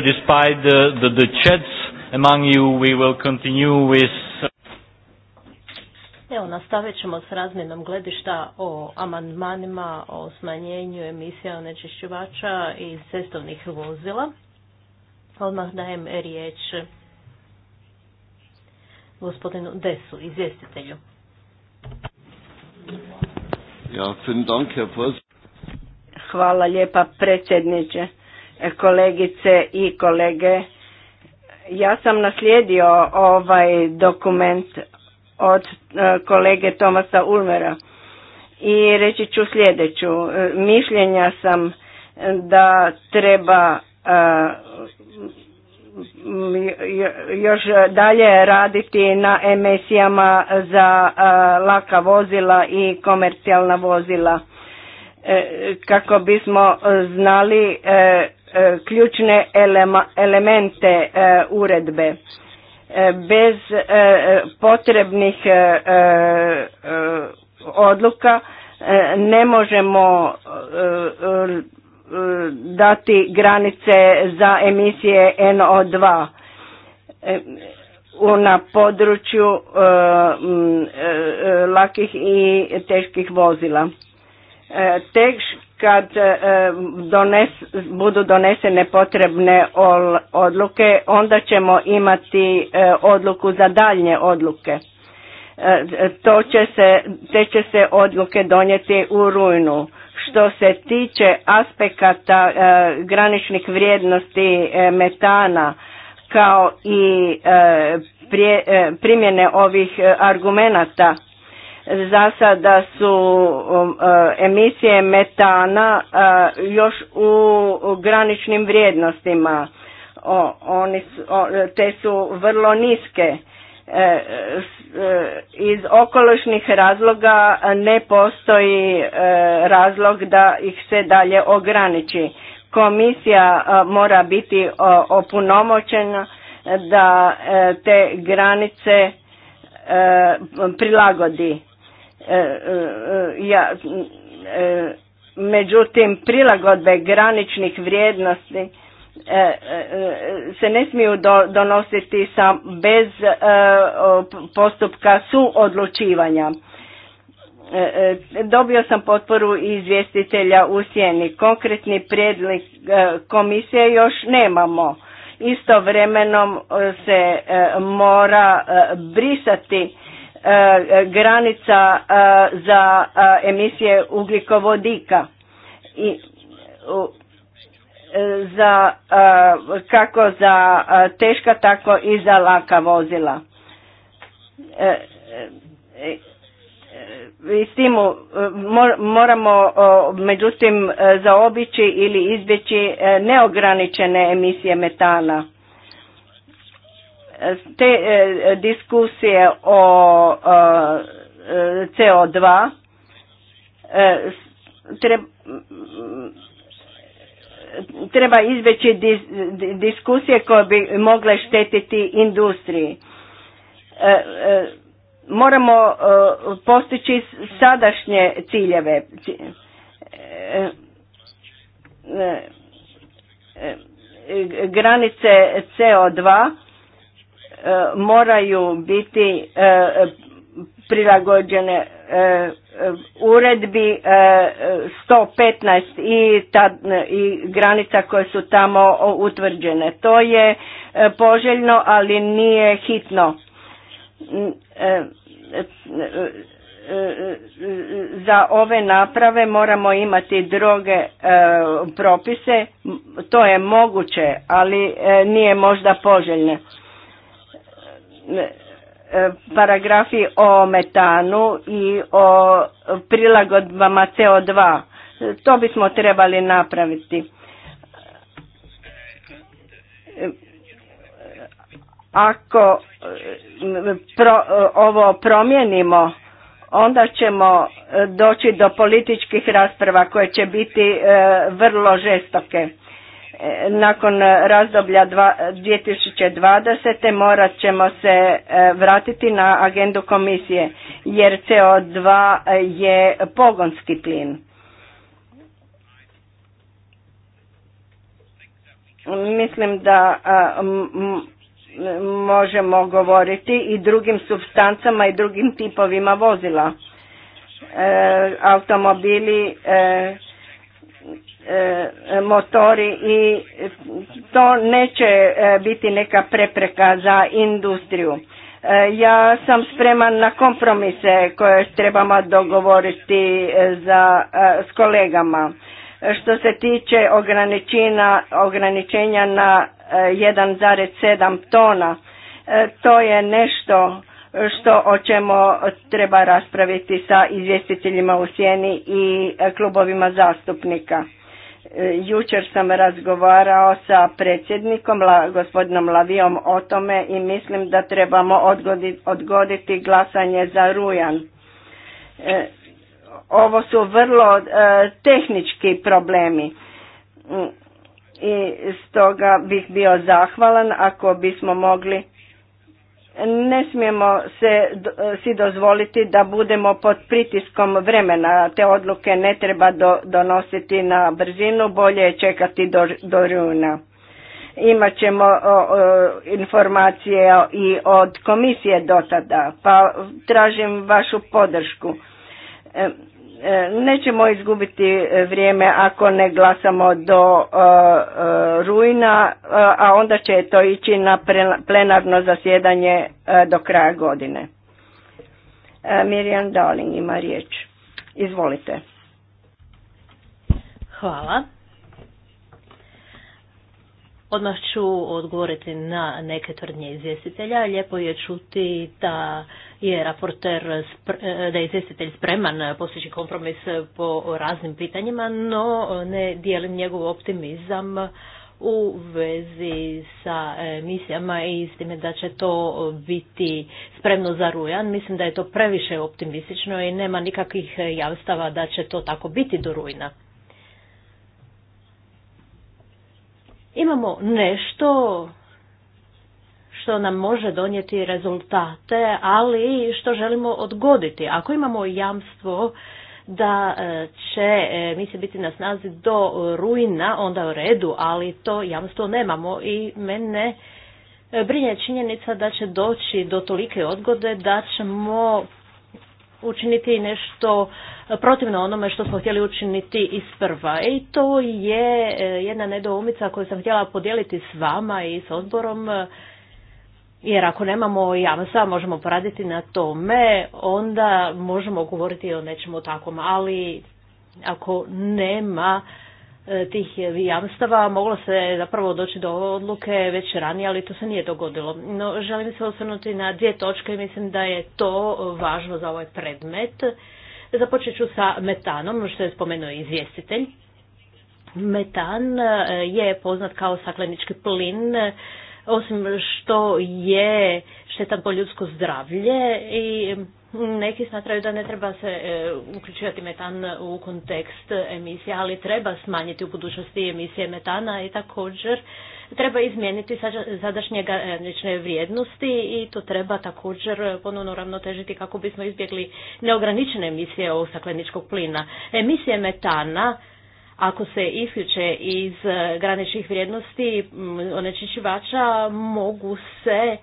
despite the, the, the chats among you, we will continue with... Uh, Evo, nastavit ćemo s razmjenom gledišta o amandmanima, o smanjenju emisija onečišćivača i cestovnih vozila. Odmah dajem riječ gospodinu Desu, izvjestitelju. Ja, Hvala lijepa predsjedniče kolegice i kolege. Ja sam naslijedio ovaj dokument od e, kolege Tomasa Ulmera i reći ću sljedeću. E, mišljenja sam e, da treba još dalje raditi na emisijama za laka vozila i komercijalna vozila kako bismo znali E, ključne elemente e, uredbe e, bez potrebnih odluka ne možemo dati granice za emisije NO2 na području lakih i teških vozila kad e, budu donesene potrebne odluke, onda ćemo imati e, odluku za daljnje odluke. E, to će se, te će se odluke donijeti u rujnu. Što se tiče aspekata graničnih vrijednosti metana kao i primjene ovih argumenata, za sada su um, uh, emisije metana uh, još u graničnim vrijednostima. te su vrlo niske. E, e, iz okološnih razloga ne postoji e, razlog da ih se dalje ograniči. Komisija mora biti opunomoćena da te granice prilagodi E, e, e, ja, međutim prilagodbe graničnih vrijednosti se ne smiju donositi sam bez postupka suodlučivanja. Dobio sam potporu izvjestitelja u sjeni. Konkretni prijedlog komisije još nemamo. Istovremeno se mora brisati E, granica e, za e, emisije ugljikovodika i za kako za teška tako i za laka vozila i s moramo međutim zaobići ili izbjeći neograničene emisije metana te e, diskusije o e, CO2 e, treba treba izbjeći diskusije koje bi mogle štetiti industriji. moramo postići sadašnje ciljeve. Granice CO2 moraju biti e, prilagođene e, e, uredbi 115 i, ta, i granica koje su tamo utvrđene. To je poželjno, ali nije hitno. Za ove naprave moramo imati droge propise, to je moguće, ali nije možda poželjno. E, paragrafi o metanu i o prilagodbama CO2. To bismo trebali napraviti. Ako e, pro, ovo promijenimo, onda ćemo doći do političkih rasprava koje će biti e, vrlo žestoke nakon razdoblja 2020. morat ćemo se e, vratiti na agendu komisije jer CO2 je pogonski plin. Mislim da možemo govoriti i drugim substancama i drugim tipovima vozila. E, automobili e, E, motori i to neće e, biti neka prepreka za industriju. E, ja sam spreman na kompromise koje trebamo dogovoriti za, s kolegama. Što se tiče ograničenja na 1,7 tona, to je nešto što o čemu treba raspraviti sa izvjestiteljima u sjeni i e, klubovima zastupnika. E, jučer sam razgovarao sa predsjednikom, gospodinom Lavijom, o tome i mislim da trebamo odgoditi, odgoditi glasanje za Rujan. E, ovo su vrlo tehnički problemi mm, i stoga bih bio zahvalan ako bismo mogli ne smijemo se, e, si dozvoliti da budemo pod pritiskom vremena. Te odluke ne treba do, donositi na brzinu, bolje je čekati do, do rujna. Imat ćemo informacije i od komisije do tada, pa tražim vašu podršku. E, E, nećemo izgubiti e, vrijeme ako ne glasamo do e, rujna, a onda će to ići na plenarno zasjedanje do kraja godine. Mirjan Darling ima riječ. Izvolite. Hvala. Odmah ću odgovoriti na neke tvrdnje izvjestitelja. Lijepo je čuti da je raporter, e, da je izvjestitelj spreman postići kompromis po raznim pitanjima, no ne dijelim njegov optimizam u vezi sa misijama i s time da će to biti spremno za rujan. Mislim da je to previše optimistično i nema nikakvih javstava da će to tako biti do rujna. Imamo nešto što nam može donijeti rezultate, ali što želimo odgoditi. Ako imamo jamstvo da e, će e, misije biti na snazi do rujna, onda u redu, ali to jamstvo nemamo i mene e, brinje činjenica da će doći do tolike odgode da ćemo učiniti nešto protivno onome što smo htjeli učiniti isprva. I to je jedna nedoumica koju sam htjela podijeliti s vama i s odborom jer ako nemamo jamstva, možemo poraditi na tome, onda možemo govoriti o nečemu takvom. Ali ako nema e, tih jamstava moglo se zapravo doći do odluke već ranije, ali to se nije dogodilo. No, želim se osvrnuti na dvije točke i mislim da je to važno za ovaj predmet. Započet ću sa metanom, što je spomenuo izvjestitelj. Metan e, je poznat kao saklenički plin osim što je štetan po ljudsko zdravlje i neki smatraju da ne treba se e, uključivati metan u kontekst emisija, ali treba smanjiti u budućnosti emisije metana i također treba izmijeniti sadašnje granične e, vrijednosti i to treba također ponovno ravnotežiti kako bismo izbjegli neograničene emisije ovog stakleničkog plina. Emisije metana ako se isključe iz e, graničnih vrijednosti onečišćivača mogu se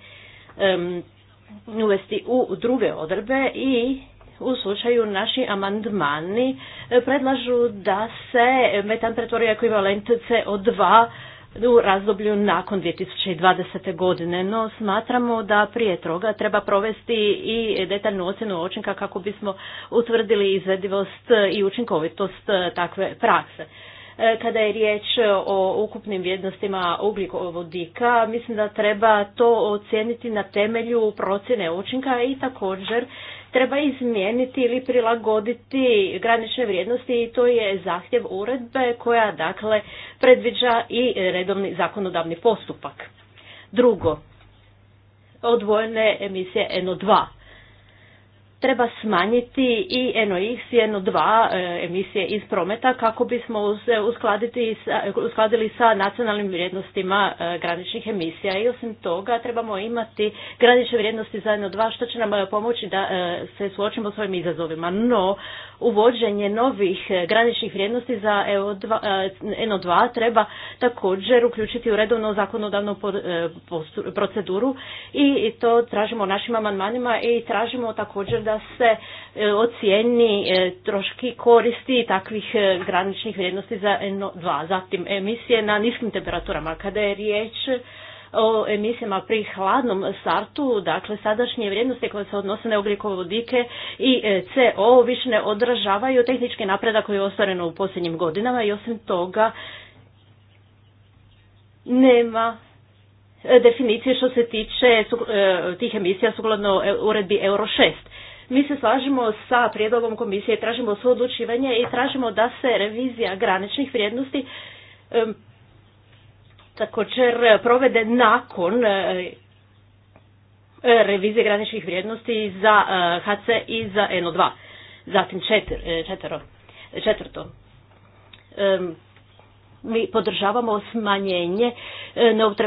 uvesti u druge odrbe i u slučaju naši amandmani e, predlažu da se metan pretvori ekvivalent CO2 u razdoblju nakon 2020. godine, no smatramo da prije toga treba provesti i detaljnu ocjenu očinka kako bismo utvrdili izvedivost i učinkovitost e, takve prakse. E, kada je riječ o ukupnim vrijednostima ugljikovodika, mislim da treba to ocijeniti na temelju procjene učinka i također treba izmijeniti ili prilagoditi granične vrijednosti i to je zahtjev uredbe koja dakle predviđa i redovni zakonodavni postupak. Drugo, odvojene emisije NO2 treba smanjiti i NOx i NO2 emisije iz prometa kako bismo se uskladili sa nacionalnim vrijednostima e, graničnih emisija. I osim toga trebamo imati granične vrijednosti za NO2 što će nam e, pomoći da e, se suočimo s ovim izazovima. No, uvođenje novih eh, graničnih vrijednosti za e eh, NO2 treba također uključiti u redovnu zakonodavnu eh, proceduru i to tražimo našim amandmanima i tražimo također da se ocijeni troški koristi takvih graničnih vrijednosti za NO2, zatim emisije na niskim temperaturama. Kada je riječ o emisijama pri hladnom startu, dakle sadašnje vrijednosti koje se odnose na ugljikovodike i e, CO više ne odražavaju tehnički napredak koji je ostvaren u posljednjim godinama i osim toga nema e, definicije što se tiče e, tih emisija sukladno uredbi Euro 6. Mi se slažemo sa prijedlogom komisije, tražimo suodlučivanje i tražimo da se revizija graničnih vrijednosti također e, provede nakon e, e, revizije graničnih vrijednosti za HC i za NO2. Zatim četvrto. Mi podržavamo smanjenje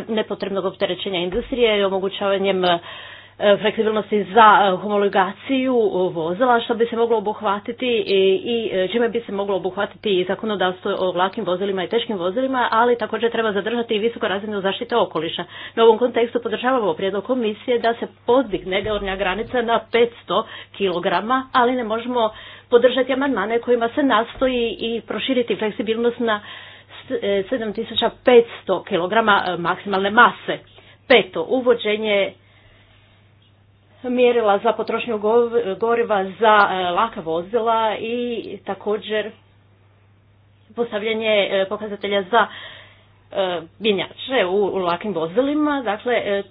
nepotrebnog opterećenja industrije i omogućavanjem E, fleksibilnosti za e, homologaciju e, vozila što bi se moglo obuhvatiti i, čime bi se moglo obuhvatiti i zakonodavstvo o lakim vozilima i teškim vozilima, ali također treba zadržati i visoko razinu zaštite okoliša. Na ovom kontekstu podržavamo prijedlog komisije da se podigne gornja granica na 500 kg, ali ne možemo podržati amandmane kojima se nastoji i proširiti fleksibilnost na 7500 kg maksimalne mase. Peto, uvođenje mjerila za potrošnju goriva za e, laka vozila i također postavljanje e, pokazatelja za mjenjače u lakim vozilima. Dakle, e,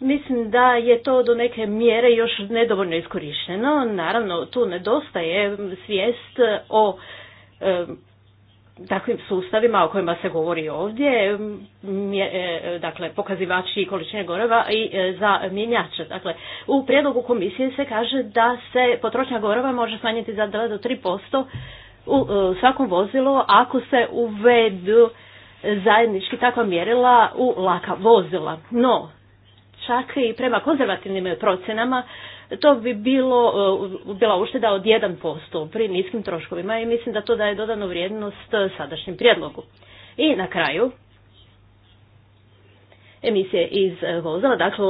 mislim da je to do neke mjere još nedovoljno iskorišteno. Naravno, tu nedostaje svijest o takvim sustavima o kojima se govori ovdje, e, dakle pokazivači količine goreva i e, za mjenjače. Dakle, u prijedlogu komisije se kaže da se potrošnja goreva može smanjiti za 2 do 3% u e, svakom vozilu ako se uvedu zajednički takva mjerila u laka vozila. No, čak i prema konzervativnim procenama to bi bilo, e, bila ušteda od 1% pri niskim troškovima i mislim da to daje dodanu vrijednost e, sadašnjem prijedlogu. I na kraju, emisije iz e, vozila, dakle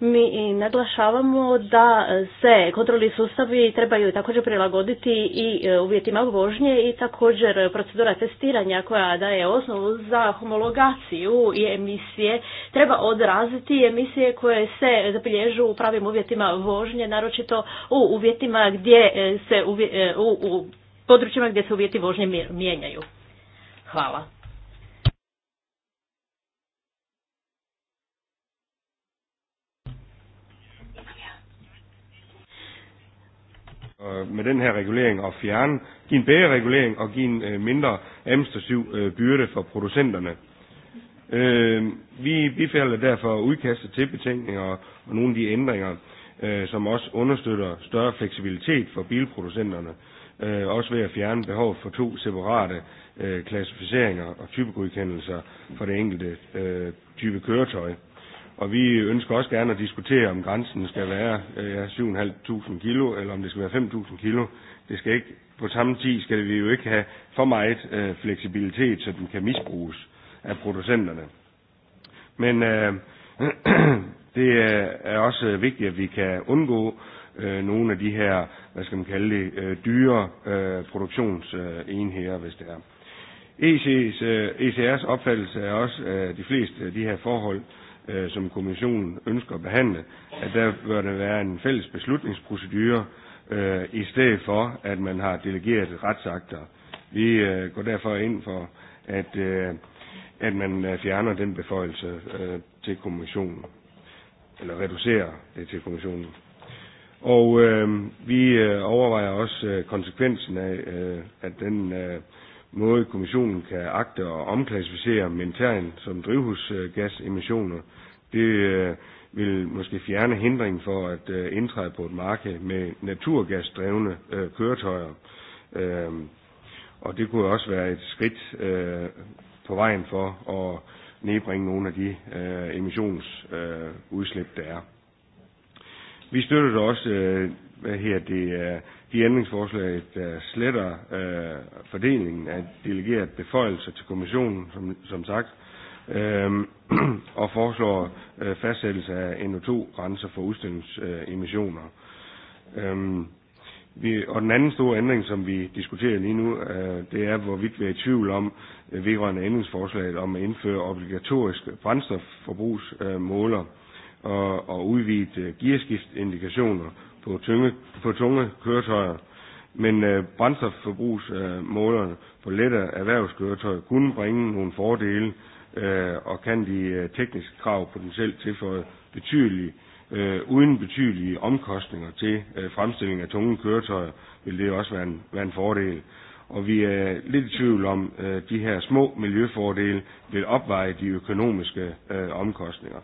mi naglašavamo da se kontrolni sustavi trebaju također prilagoditi i e, uvjetima vožnje i također procedura testiranja koja daje osnovu za homologaciju i emisije treba odraziti emisije koje se zabilježu u pravim uvjetima vožnje, naročito u uvjetima gdje e, se e, u područjima gdje se uvjeti vožnje mijenjaju. Hvala. Med den her regulering at fjerne, give en bedre regulering og give en øh, mindre administrativ øh, byrde for producenterne. Øh, vi bifalder derfor udkastet til betænkninger og nogle af de ændringer, som også understøtter større fleksibilitet for bilproducenterne, også ved at fjerne behov for to separate klassificeringer og typegodkendelser for det enkelte type køretøj. Og vi ønsker også gerne at diskutere, om grænsen skal være ja, 7.500 kilo, eller om det skal være 5.000 kilo. Det skal ikke, på samme tid skal vi jo ikke have for meget øh, fleksibilitet, så den kan misbruges af producenterne. Men øh, det øh, er også vigtigt, at vi kan undgå øh, nogle af de her, hvad skal man kalde det, øh, dyre øh, produktionsenheder, hvis det er. EC's, øh, ECR's opfattelse er også, at øh, de fleste af de her forhold øh, som kommissionen ønsker at behandle, at der bør det være en fælles beslutningsprocedure, øh, i stedet for, at man har delegeret retsakter. Vi øh, går derfor ind for, at, øh, at man øh, fjerner den beføjelse øh, til kommissionen, eller reducerer det til kommissionen. Og øh, vi øh, overvejer også øh, konsekvensen af, øh, at den øh, måde kommissionen kan agte og omklassificere mentalen som drivhusgasemissioner. Det øh, vil måske fjerne hindringen for at øh, indtræde på et marked med naturgasdrevne øh, køretøjer. og det kunne også være et skridt på vejen for at nedbringe nogle af de øh, emissionsudslip, der er. Vi støtter også her det, øh, de ændringsforslag, der sletter øh, fordelingen af delegeret beføjelser til kommissionen, som, sagt, øh, og foreslår øh, fastsættelse af NO2-grænser for udstillingsemissioner. Øh, vi, og den anden store ændring, som vi diskuterer lige nu, øh, det er, hvor vi er i tvivl om øh, vedrørende ændringsforslaget om at indføre obligatoriske brændstofforbrugsmåler øh, og, og udvidet gearskiftindikationer på tunge, på tunge køretøjer, men øh, brændstofforbrugsmålerne øh, på lette erhvervskøretøjer kunne bringe nogle fordele, øh, og kan de øh, tekniske krav potentielt tilføje betydelige, øh, uden betydelige omkostninger til øh, fremstilling af tunge køretøjer, vil det også være en, være en fordel. Og vi er lidt i tvivl om, øh, de her små miljøfordele vil opveje de økonomiske øh, omkostninger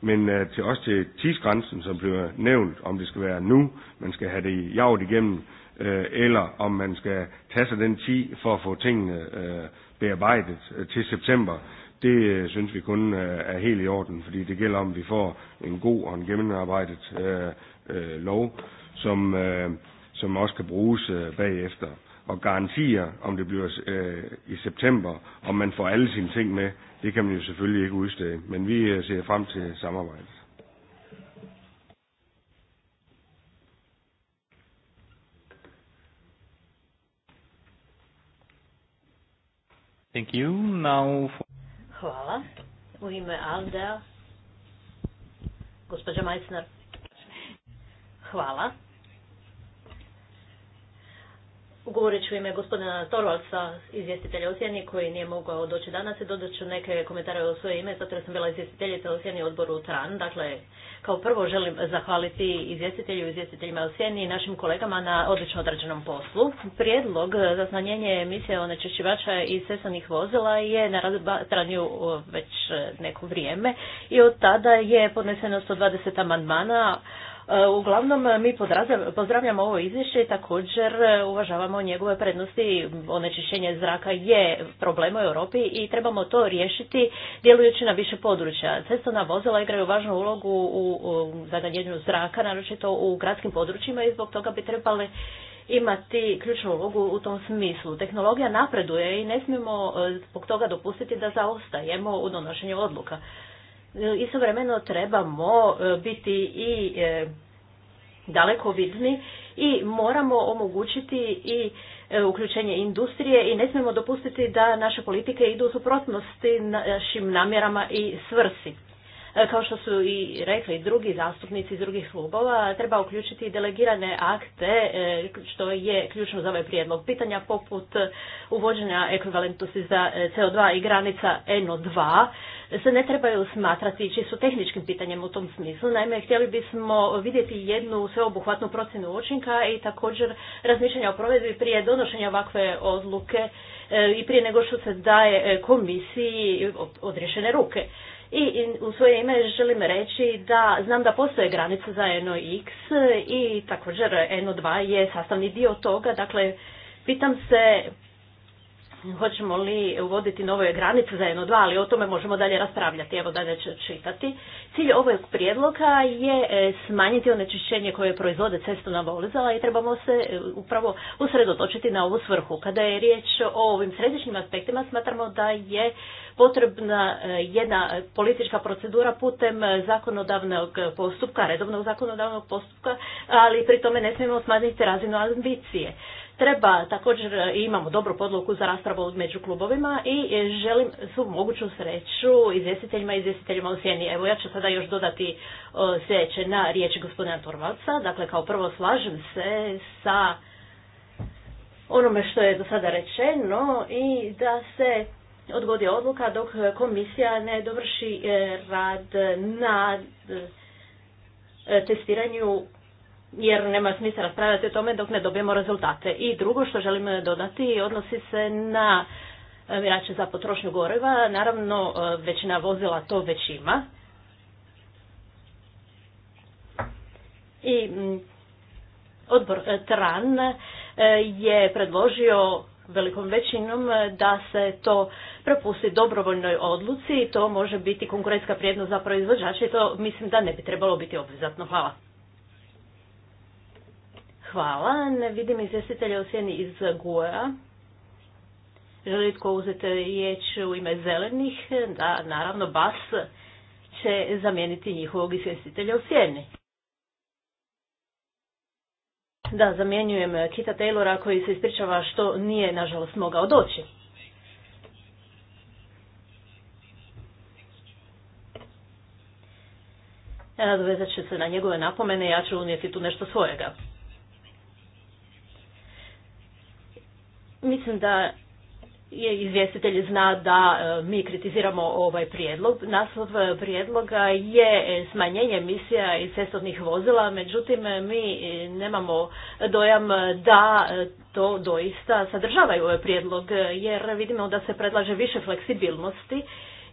men øh, til også til tidsgrænsen, som bliver nævnt, om det skal være nu, man skal have det javt igennem, øh, eller om man skal tage sig den tid for at få tingene øh, bearbejdet øh, til september, det øh, synes vi kun øh, er helt i orden, fordi det gælder om, at vi får en god og en gennemarbejdet øh, øh, lov, som, øh, som også kan bruges øh, bagefter. Og garantier, om det bliver øh, i september, om man får alle sine ting med, det kan man jo selvfølgelig ikke udstede, men vi øh, ser frem til samarbejdet. Thank you. Now for... Hvala. U ime Alda, gospođa Meissner. Hvala. Ugovorit ću ime gospodina Torvalca, izvjestitelja Osijeni, koji nije mogao doći danas i dodat ću neke komentare o svoje ime, zato jer sam bila izvjestiteljica Osijeni odboru TRAN. Dakle, kao prvo želim zahvaliti izvjestitelju, izvjestiteljima Osijeni i našim kolegama na odlično odrađenom poslu. Prijedlog za smanjenje emisije onečišćivača i sesanih vozila je na razbatranju uh, već uh, neko vrijeme i od tada je podneseno 120 amandmana, Uglavnom, mi pozdravljamo ovo izvješće i također e, uvažavamo njegove prednosti. Onečišćenje zraka je problem u Europi i trebamo to riješiti djelujući na više područja. Cestovna vozila igraju važnu ulogu u zagadjenju zraka, naročito u gradskim područjima i zbog toga bi trebali imati ključnu ulogu u tom smislu. Tehnologija napreduje i ne smijemo e, zbog toga dopustiti da zaostajemo u donošenju odluka. E, istovremeno trebamo e, biti i e, daleko vidni i moramo omogućiti i uključenje industrije i ne smijemo dopustiti da naše politike idu u suprotnosti našim namjerama i svrsi. Kao što su i rekli drugi zastupnici iz drugih klubova, treba uključiti i delegirane akte, što je ključno za ovaj prijedlog pitanja, poput uvođenja ekvivalentnosti za CO2 i granica NO2, se ne trebaju smatrati čisto tehničkim pitanjem u tom smislu. Naime, htjeli bismo vidjeti jednu sveobuhvatnu procjenu učinka i također razmišljanja o provedbi prije donošenja ovakve odluke e, i prije nego što se daje e, komisiji odrešene ruke. I u svoje ime želim reći da znam da postoje granice za NOx e, i također NO2 je sastavni dio toga. Dakle, pitam se hoćemo li uvoditi nove granice za jedno dva, ali o tome možemo dalje raspravljati, evo da ću čitati. Cilj ovog prijedloga je e, smanjiti onečišćenje koje proizvode cestovna vozila i trebamo se e, upravo usredotočiti na ovu svrhu. Kada je riječ o ovim središnjim aspektima, smatramo da je potrebna e, jedna politička procedura putem zakonodavnog postupka, redovnog zakonodavnog postupka, ali pri tome ne smijemo smanjiti razinu ambicije. Treba također, e, imamo dobru podlogu za raspravu među klubovima i e, želim svu moguću sreću izvjestiteljima i izvjestiteljima u sjeni. Evo ja ću sada još dodati e, sljedeće na riječi gospodina Torvalca. Dakle, kao prvo slažem se sa onome što je do sada rečeno i da se odgodi odluka dok komisija ne dovrši rad na testiranju jer nema smisla raspravljati o tome dok ne dobijemo rezultate. I drugo što želim dodati odnosi se na e, mirače za potrošnju goriva. Naravno, e, većina vozila to već ima. I odbor e, TRAN je predložio velikom većinom da se to prepusti dobrovoljnoj odluci i to može biti konkurentska prijednost za proizvođače i to mislim da ne bi trebalo biti obvezatno. Hvala. Hvala. Ne vidim izvjestitelja u sjeni iz GUA. Želi tko uzeti riječ u ime zelenih? Da, naravno, Bas će zamijeniti njihovog izvjestitelja u sjeni. Da, zamjenjujem Kita Taylora koji se ispričava što nije, nažalost, mogao doći. Nadovezat ću se na njegove napomene, ja ću unijeti tu nešto svojega. Mislim da je izvjestitelj zna da e, mi kritiziramo ovaj prijedlog. Naslov e, prijedloga je e, smanjenje emisija iz cestovnih vozila, međutim mi nemamo dojam da to doista sadržavaju ovaj prijedlog, jer vidimo da se predlaže više fleksibilnosti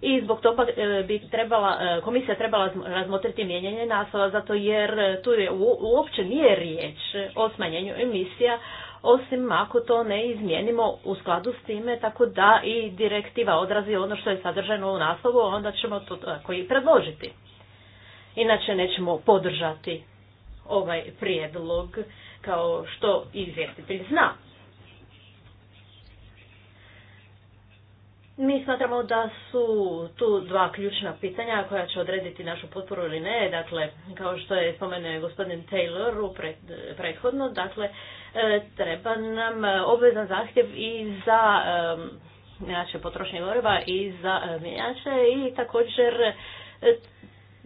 i zbog toga bi trebala, komisija trebala razmotriti mijenjanje naslova, zato jer tu je, uopće nije riječ o smanjenju emisija, osim ako to ne izmijenimo u skladu s time tako da i direktiva odrazi ono što je sadržano u naslovu, onda ćemo to tako i predložiti. Inače nećemo podržati ovaj prijedlog kao što izvjestitelj zna. Mi smatramo da su tu dva ključna pitanja koja će odrediti našu potporu ili ne. Dakle, kao što je spomenuo gospodin Taylor u prethodno, dakle, e, treba nam e, obvezan zahtjev i za e, mjenjače potrošnje goriva i za mjenjače i također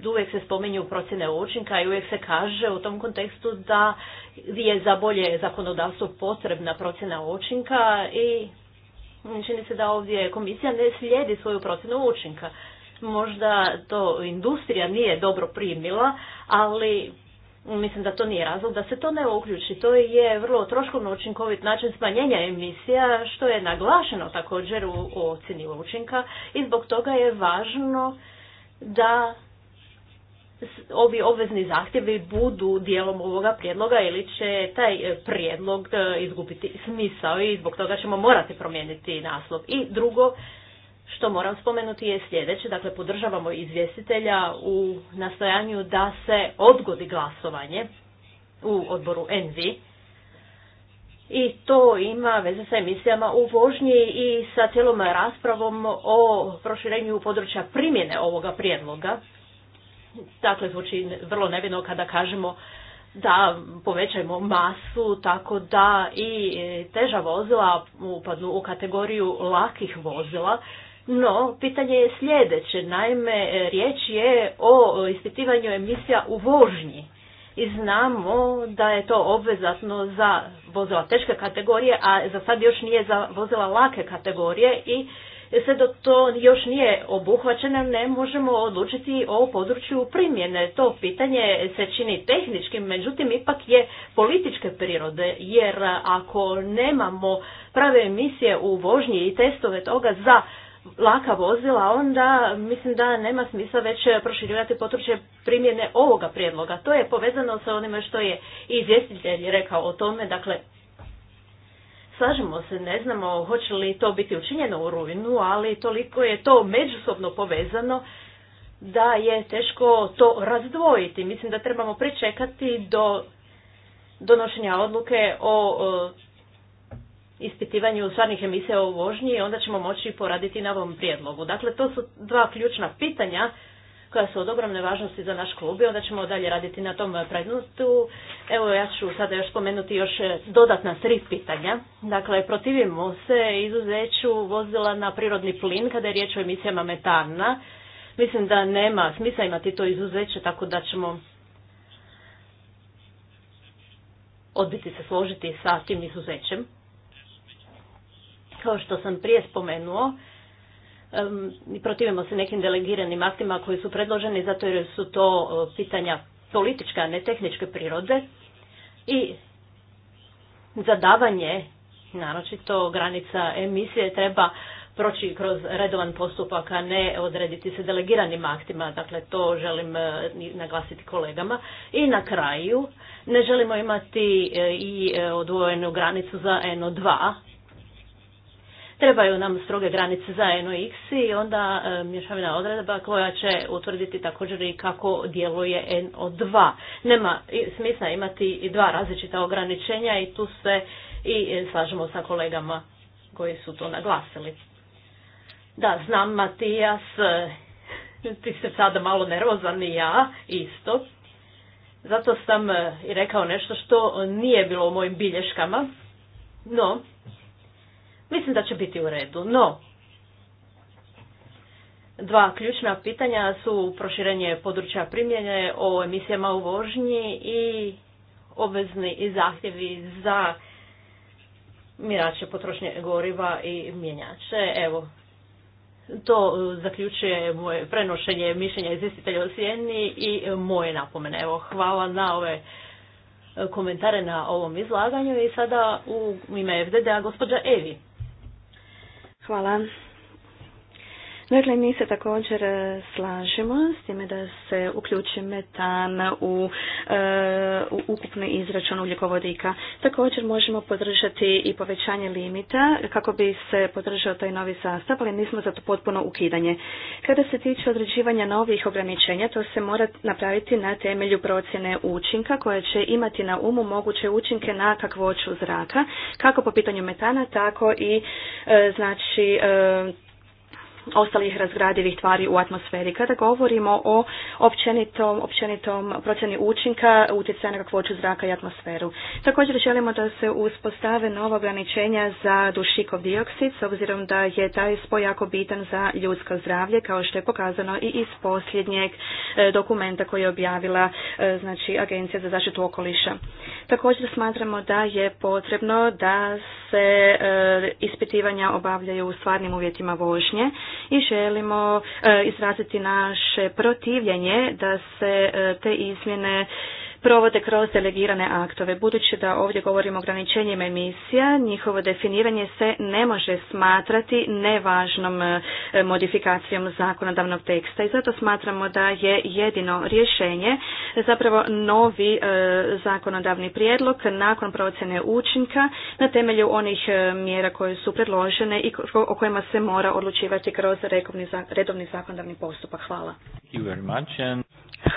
uvijek se spominju procjene učinka i uvijek se kaže u tom kontekstu da je za bolje zakonodavstvo potrebna procjena učinka i Čini se da ovdje komisija ne slijedi svoju procjenu učinka. Možda to industrija nije dobro primila, ali mislim da to nije razlog da se to ne uključi. To je vrlo troškovno učinkovit način smanjenja emisija, što je naglašeno također u ocjeni učinka i zbog toga je važno da ovi obvezni zahtjevi budu dijelom ovoga prijedloga ili će taj e, prijedlog e, izgubiti smisao i zbog toga ćemo morati promijeniti naslov. I drugo, što moram spomenuti je sljedeće, dakle podržavamo izvjestitelja u nastojanju da se odgodi glasovanje u odboru ENVI i to ima veze sa emisijama u vožnji i sa cijelom raspravom o proširenju područja primjene ovoga prijedloga Dakle, zvuči vrlo nevino kada kažemo da povećajmo masu tako da i e, teža vozila upadnu u kategoriju lakih vozila. No, pitanje je sljedeće. Naime, e, riječ je o ispitivanju emisija u vožnji. I znamo da je to obvezatno za vozila teške kategorije, a za sad još nije za vozila lake kategorije i sve dok to još nije obuhvaćeno ne možemo odlučiti o području primjene. To pitanje se čini tehničkim, međutim ipak je političke prirode jer ako nemamo prave emisije u vožnji i testove toga za laka vozila, onda mislim da nema smisla već proširivati područje primjene ovoga prijedloga. To je povezano sa onime što je izvjestitelj rekao o tome, dakle Slažemo se, ne znamo hoće li to biti učinjeno u rujnu, ali toliko je to međusobno povezano da je teško to razdvojiti. Mislim da trebamo pričekati do donošenja odluke o ispitivanju stvarnih emisija u vožnji i onda ćemo moći poraditi na ovom prijedlogu. Dakle, to su dva ključna pitanja koja su od ogromne važnosti za naš klub i onda ćemo dalje raditi na tom prednostu. Evo ja ću sada još spomenuti još dodatna tri pitanja. Dakle, protivimo se izuzeću vozila na prirodni plin kada je riječ o emisijama metana. Mislim da nema smisla imati to izuzeće, tako da ćemo odbiti se složiti sa tim izuzećem. Kao što sam prije spomenuo, i protivimo se nekim delegiranim aktima koji su predloženi zato jer su to e, pitanja politička, a ne tehničke prirode i zadavanje, naročito granica emisije, treba proći kroz redovan postupak, a ne odrediti se delegiranim aktima. Dakle, to želim e, naglasiti kolegama. I na kraju, ne želimo imati e, i odvojenu granicu za NO2, Trebaju nam stroge granice za NOx i onda e, mješavina odredba koja će utvrditi također i kako djeluje NO2. Nema smisla imati i dva različita ograničenja i tu se i e, slažemo sa kolegama koji su to naglasili. Da, znam Matijas, e, ti se sada malo nervozan i ja isto. Zato sam i rekao nešto što nije bilo u mojim bilješkama. No, Mislim da će biti u redu, no Dva ključna pitanja su proširenje područja primjene o emisijama u vožnji i obvezni i zahtjevi za mirače potrošnje goriva i mjenjače. Evo, to zaključuje moje prenošenje mišljenja izvjestitelja o sjeni i moje napomene. Evo, hvala na ove komentare na ovom izlaganju i sada u ime FDD-a gospođa Evi. Hvala. Dakle, mi se također e, slažemo s time da se uključi metan u, e, u ukupni izračun ugljikovodika. Također možemo podržati i povećanje limita kako bi se podržao taj novi sastav, ali nismo za to potpuno ukidanje. Kada se tiče određivanja novih ograničenja, to se mora napraviti na temelju procjene učinka koja će imati na umu moguće učinke na kakvoću zraka, kako po pitanju metana, tako i e, znači ostalih razgradivih tvari u atmosferi. Kada govorimo o općenitom, općenitom procjeni učinka utjecaja na kakvoću zraka i atmosferu. Također želimo da se uspostave nova ograničenja za dušikov dioksid s obzirom da je taj spoj jako bitan za ljudsko zdravlje kao što je pokazano i iz posljednjeg e, dokumenta koji je objavila e, znači, Agencija za zaštitu okoliša. Također smatramo da je potrebno da se e, ispitivanja obavljaju u stvarnim uvjetima vožnje i želimo e, izraziti naše protivljenje da se e, te izmjene provode kroz delegirane aktove. Budući da ovdje govorimo o ograničenjima emisija, njihovo definiranje se ne može smatrati nevažnom e, modifikacijom zakonodavnog teksta i zato smatramo da je jedino rješenje zapravo novi e, zakonodavni prijedlog nakon procjene učinka na temelju onih e, mjera koje su predložene i o kojima se mora odlučivati kroz redovni zakonodavni postupak. Hvala.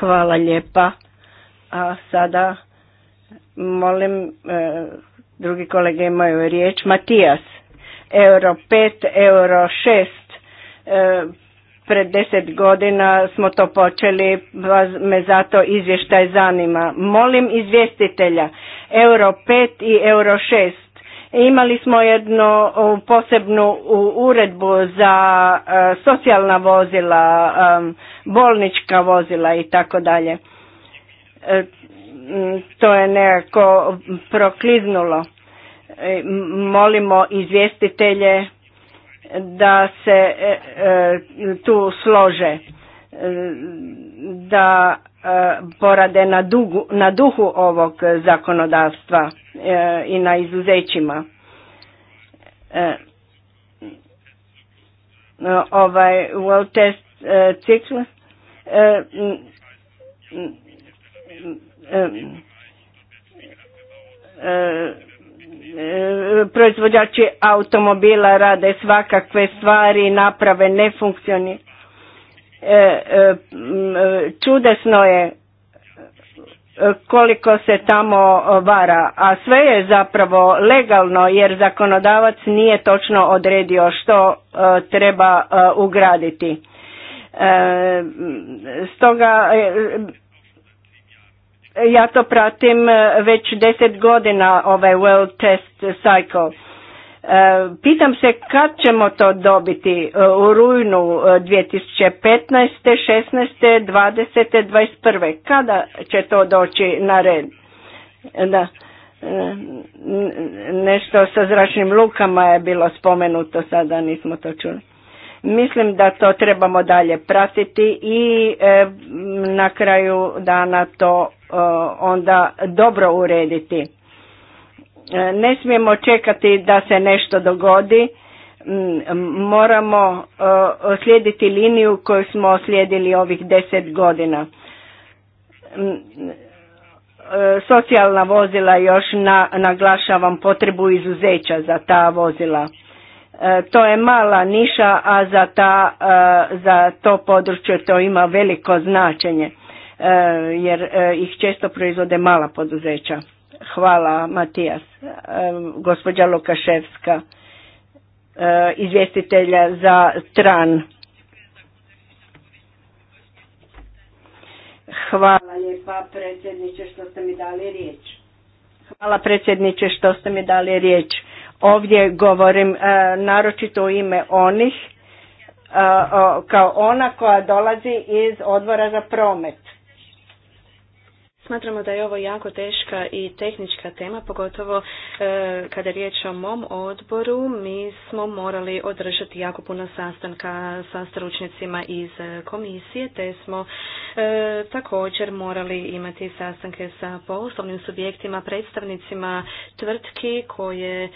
Hvala lijepa. A sada molim, e, drugi kolege imaju riječ, Matijas, euro 5, euro 6, e, pred deset godina smo to počeli, pa me zato izvještaj zanima. Molim izvjestitelja, euro 5 i euro 6. Imali smo jednu posebnu uredbu za e, socijalna vozila, bolnička vozila i tako dalje. E, to je nekako prokliznulo. E, molimo izvjestitelje da se e, tu slože, da porade na, dugu, na duhu ovog zakonodavstva i na izuzećima. Ovaj well test cikl E, e, proizvođači automobila rade svakakve stvari, naprave ne funkcioni. E, čudesno je koliko se tamo vara, a sve je zapravo legalno jer zakonodavac nije točno odredio što treba ugraditi. Stoga ja to pratim e, već deset godina, ovaj World Test Cycle. E, pitam se kad ćemo to dobiti e, u rujnu 2015., 16., 20., 21. Kada će to doći na red? Da. Nešto sa zračnim lukama je bilo spomenuto, sada nismo to čuli. Mislim da to trebamo dalje pratiti i e, na kraju dana to e, onda dobro urediti. E, ne smijemo čekati da se nešto dogodi, moramo slijediti liniju koju smo slijedili ovih deset godina. Socijalna vozila još naglašavam potrebu izuzeća za ta vozila E, to je mala niša, a za, ta, e, za to područje to ima veliko značenje, e, jer ih često proizvode mala poduzeća. Hvala, Matijas. Gospođa Lukaševska, izvjestitelja za stran. Hvala lijepa predsjedniče što ste mi dali riječ. Hvala predsjedniče što ste mi dali riječ. Ovdje govorim e, naročito u ime onih e, kao ona koja dolazi iz odbora za promet. Smatramo da je ovo jako teška i tehnička tema, pogotovo e, kada je riječ o mom odboru. Mi smo morali održati jako puno sastanka sa stručnjacima iz komisije, te smo također morali imati sastanke sa poslovnim subjektima, predstavnicima tvrtki koje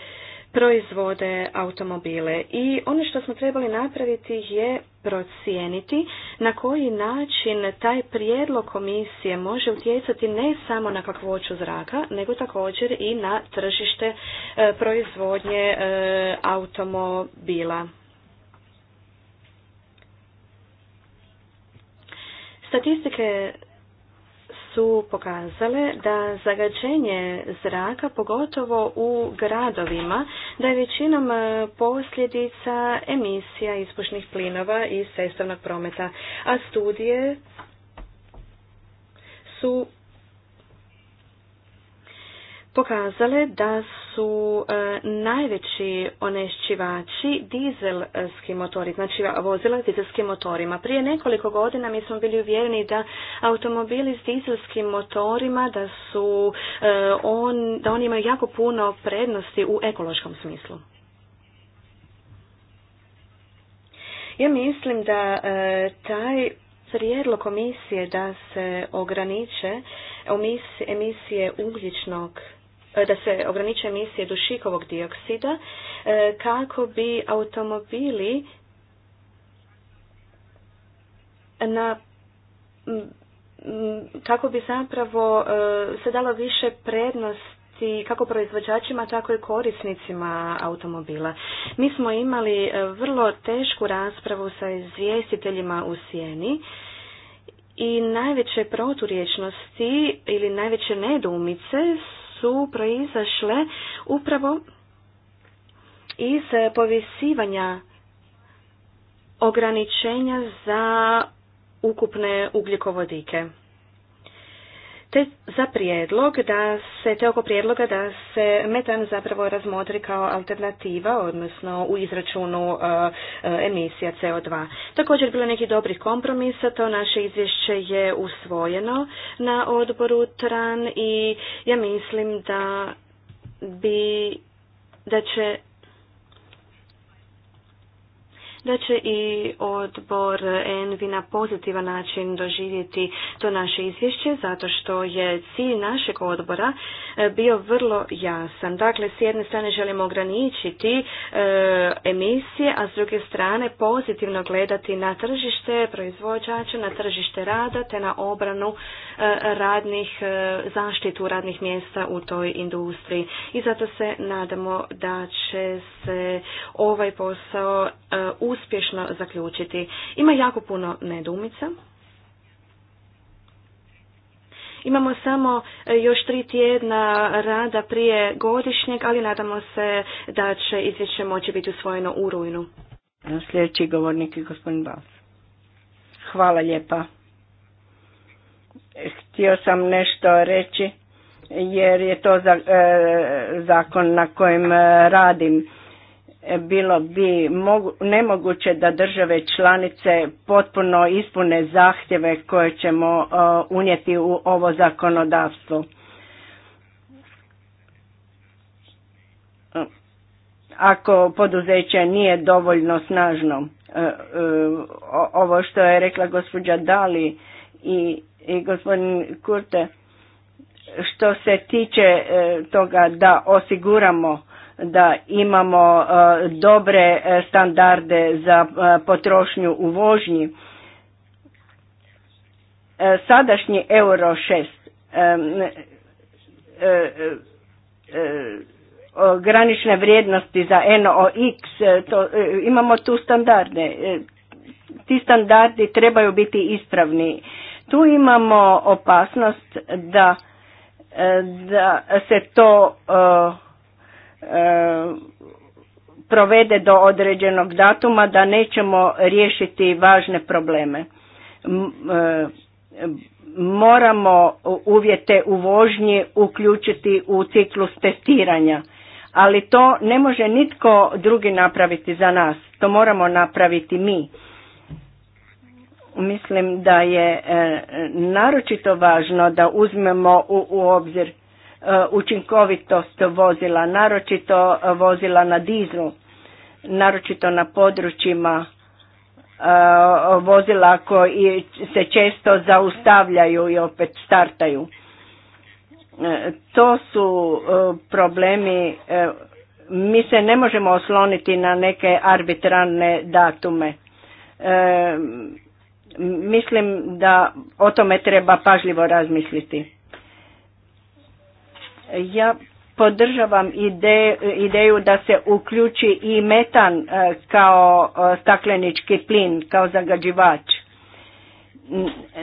proizvode automobile. I ono što smo trebali napraviti je procijeniti na koji način taj prijedlog komisije može utjecati ne samo na kakvoću zraka, nego također i na tržište e, proizvodnje e, automobila. Statistike su pokazale da zagađenje zraka, pogotovo u gradovima, da je većinom e, posljedica emisija ispušnih plinova iz cestovnog prometa, a studije su pokazale da su e, najveći onešćivači dizelski motori, znači vozila s dizelskim motorima. Prije nekoliko godina mi smo bili uvjereni da automobili s dizelskim motorima da su e, on, da oni imaju jako puno prednosti u ekološkom smislu. Ja mislim da e, taj prijedlog komisije da se ograniče emisije ugljičnog da se ograniče emisije dušikovog dioksida e, kako bi automobili na kako bi zapravo e, se dalo više prednosti kako proizvođačima, tako i korisnicima automobila. Mi smo imali e, vrlo tešku raspravu sa izvjestiteljima u sjeni i najveće proturječnosti ili najveće nedoumice su proizašle upravo iz povisivanja ograničenja za ukupne ugljikovodike te za prijedlog da se, te oko prijedloga da se metan zapravo razmotri kao alternativa, odnosno u izračunu e, e, emisija CO2. Također bilo nekih dobrih kompromisa, to naše izvješće je usvojeno na odboru TRAN i ja mislim da bi da će da će i odbor Envi na pozitivan način doživjeti to naše izvješće, zato što je cilj našeg odbora e, bio vrlo jasan. Dakle, s jedne strane želimo ograničiti e, emisije, a s druge strane pozitivno gledati na tržište proizvođača, na tržište rada, te na obranu e, radnih, zaštitu radnih mjesta u toj industriji. I zato se nadamo da će se ovaj posao u uspješno zaključiti. Ima jako puno nedumica. Imamo samo e, još tri tjedna rada prije godišnjeg, ali nadamo se da će izvješće moći biti usvojeno u rujnu. Sljedeći govornik je gospodin Bals. Hvala lijepa. Htio sam nešto reći jer je to e, zakon na kojem e, radim bilo bi nemoguće da države članice potpuno ispune zahtjeve koje ćemo uh, unijeti u ovo zakonodavstvo. Ako poduzeće nije dovoljno snažno, uh, uh, ovo što je rekla gospođa Dali i, i gospodin Kurte, što se tiče toga da osiguramo da imamo e, dobre e, standarde za e, potrošnju u vožnji. Sadašnji Euro 6 granične vrijednosti za NOx, imamo tu standarde. Ti standardi trebaju biti ispravni. Tu imamo opasnost da, da se to E, provede do određenog datuma da nećemo riješiti važne probleme. E, moramo uvjete u vožnji uključiti u ciklus testiranja, ali to ne može nitko drugi napraviti za nas, to moramo napraviti mi. Mislim da je e, naročito važno da uzmemo u, u obzir učinkovitost vozila, naročito vozila na dizu, naročito na područjima e, vozila koji se često zaustavljaju i opet startaju. E, to su e, problemi, mi se ne možemo osloniti na neke arbitrarne datume. Mislim da o tome treba pažljivo razmisliti. Ja podržavam ideju da se uključi i metan e, kao e, staklenički plin, kao zagađivač.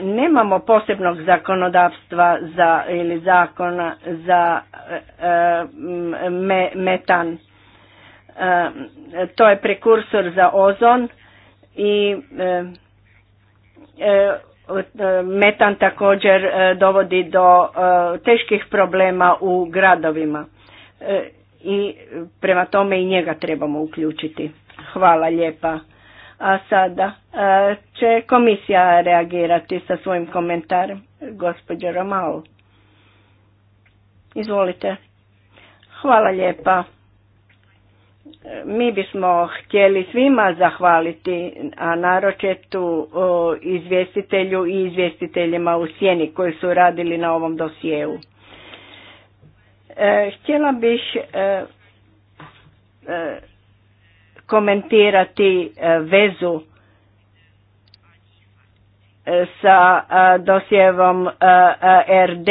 Nemamo posebnog zakonodavstva za, ili zakona za e, me, metan. to je prekursor za ozon i Metan također e, dovodi do e, teških problema u gradovima e, i prema tome i njega trebamo uključiti. Hvala lijepa. A sada će komisija reagirati sa svojim komentarom. Gospođo Romao, izvolite. Hvala lijepa. Mi bismo htjeli svima zahvaliti, a naročetu izvjestitelju i izvjestiteljima u sjeni koji su radili na ovom dosjeu. E, htjela bih e, e, komentirati vezu sa dosjevom RD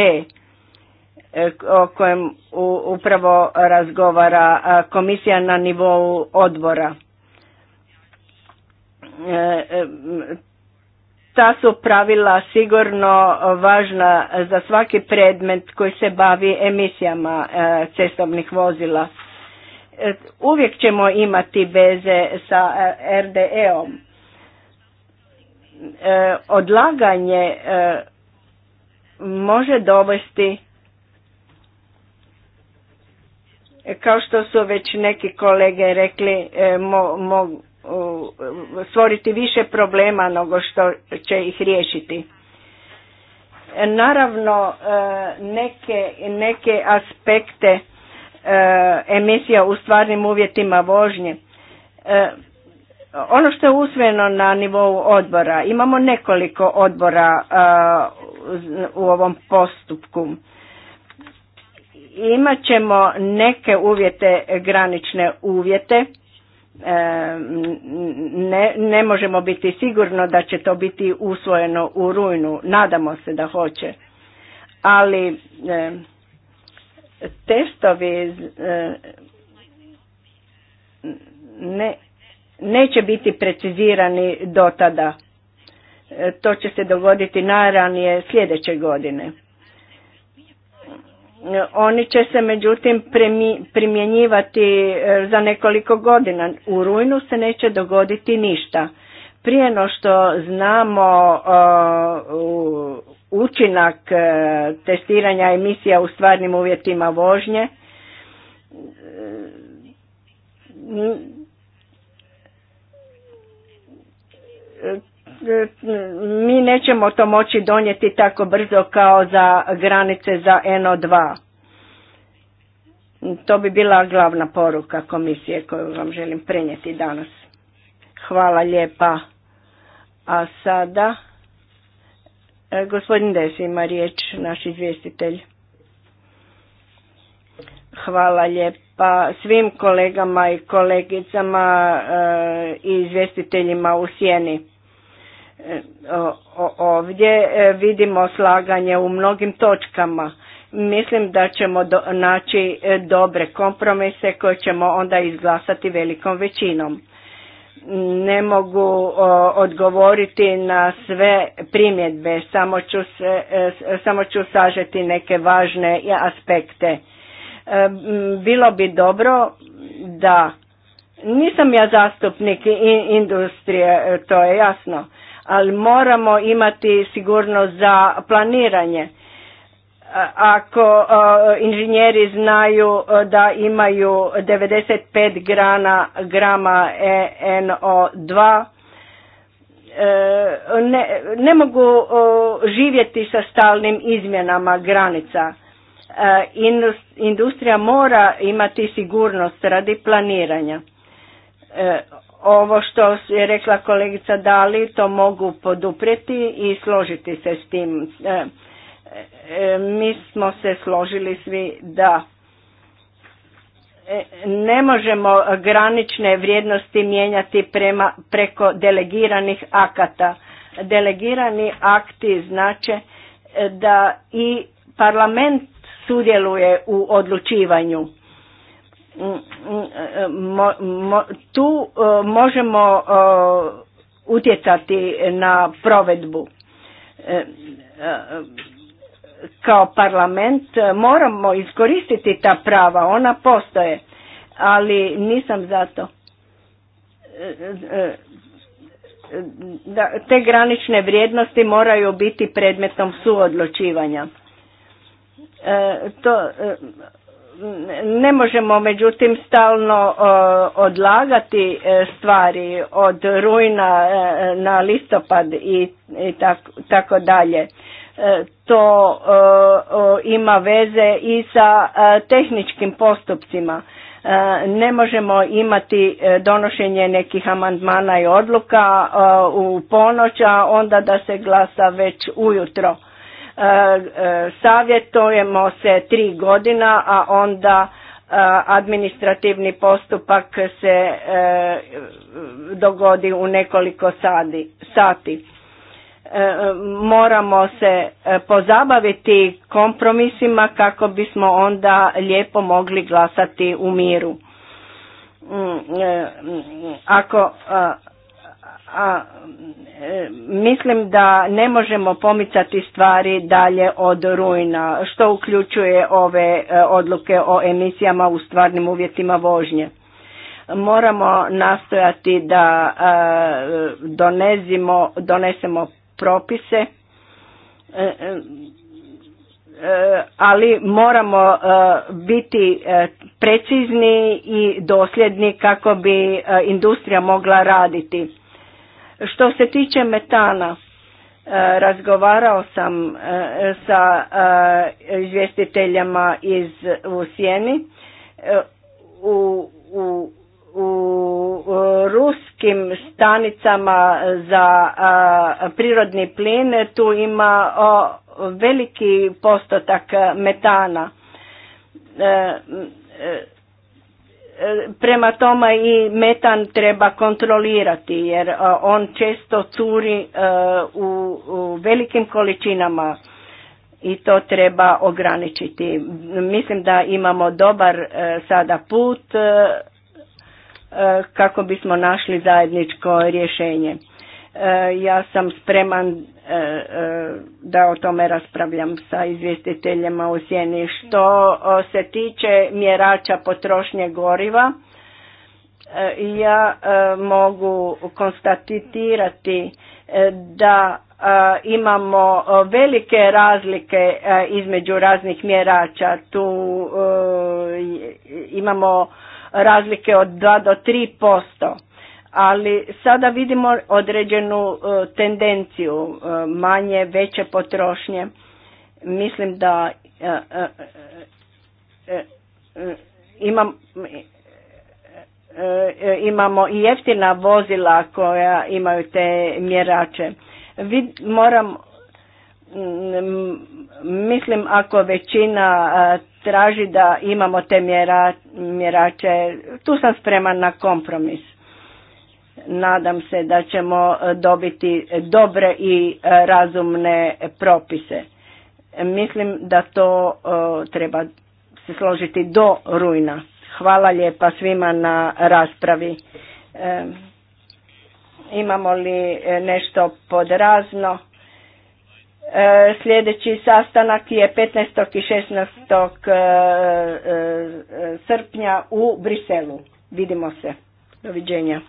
E, o kojem upravo razgovara komisija na nivou odbora. E, e, ta su pravila sigurno važna za svaki predmet koji se bavi emisijama cestovnih vozila. Uvijek ćemo imati veze sa RDE-om. Odlaganje može dovesti E, kao što su već neki kolege rekli, e, mogu stvoriti više problema nego što će ih riješiti. E, naravno, neke, neke aspekte emisija u stvarnim uvjetima vožnje. Ono što je usvojeno na nivou odbora, imamo nekoliko odbora u ovom postupku imat ćemo neke uvjete, granične uvjete. E, ne, ne možemo biti sigurno da će to biti usvojeno u rujnu. Nadamo se da hoće. Ali e, testovi e, ne, neće biti precizirani do tada. To će se dogoditi najranije sljedeće godine. Oni će se međutim primjenjivati e, za nekoliko godina. U rujnu se neće dogoditi ništa. Prije no što znamo e, učinak e, testiranja emisija u stvarnim uvjetima vožnje, mi nećemo to moći donijeti tako brzo kao za granice za NO2. To bi bila glavna poruka komisije koju vam želim prenijeti danas. Hvala lijepa. A sada, e, gospodin Desi ima riječ, naš izvjestitelj. Hvala lijepa svim kolegama i kolegicama e, i izvjestiteljima u Sjeni. E, ovdje e, vidimo slaganje u mnogim točkama. Mislim da ćemo do, naći e, dobre kompromise koje ćemo onda izglasati velikom većinom. Ne mogu odgovoriti na sve primjedbe, samo ću, samo ću sažeti neke važne aspekte. Bilo bi dobro da, nisam ja zastupnik industrije, to je jasno, ali moramo imati sigurnost za planiranje. Ako inženjeri znaju da imaju 95 grana, grama e NO2, e, ne, ne mogu živjeti sa stalnim izmjenama granica. E, industrija mora imati sigurnost radi planiranja. Ovo što je rekla kolegica Dali, to mogu poduprijeti i složiti se s tim. E, e, mi smo se složili svi da e, ne možemo granične vrijednosti mijenjati prema, preko delegiranih akata. Delegirani akti znače da i parlament sudjeluje u odlučivanju Mm, mm, e, mo, tu e, možemo e, utjecati na provedbu. kao parlament moramo iskoristiti ta prava, ona postoje, ali nisam zato. te granične vrijednosti moraju biti predmetom suodločivanja. to ne možemo međutim stalno odlagati e, stvari od rujna e, na listopad i tako dalje. E, to ima veze i sa tehničkim postupcima. Ne možemo imati donošenje nekih amandmana i odluka u ponoć, a onda da se glasa već ujutro E, e, savjetujemo se tri godina, a onda e, administrativni postupak se dogodi u nekoliko sati. Moramo se pozabaviti kompromisima kako bismo onda lijepo mogli glasati u miru. Mm, mm, ako a, mm, e, mislim da ne možemo pomicati stvari dalje od rujna, što uključuje ove e, odluke o emisijama u stvarnim uvjetima vožnje. Moramo nastojati da e, donesemo propise, ali moramo biti precizni i dosljedni kako bi industrija mogla raditi što se tiče metana, e, razgovarao sam e, sa e, izvjestiteljama iz u Sjeni u, u, u ruskim stanicama za prirodni plin tu ima veliki postotak metana prema tome i metan treba kontrolirati jer e, on često curi e, u velikim količinama i to treba ograničiti. Mislim da imamo dobar e, sada put kako bismo našli zajedničko rješenje. Ja sam spreman E, e, da o tome raspravljam sa izvjestiteljima u sjeni. Što se tiče mjerača potrošnje goriva, e, ja mogu konstatirati da imamo velike razlike između raznih mjerača. Tu imamo razlike od 2 do 3 posto ali sada vidimo određenu e, tendenciju e, manje, veće potrošnje. Mislim da e, imam, imamo i jeftina vozila koja imaju te mjerače. Moram, mislim ako većina traži da imamo te mjerače, tu sam spreman na kompromis. Nadam se da ćemo e, dobiti dobre i e, razumne propise. Mislim da to e, treba se složiti do rujna. Hvala lijepa svima na raspravi. Imamo li nešto podrazno? Sljedeći sastanak je 15. i 16. srpnja u Briselu. Vidimo se. Doviđenja.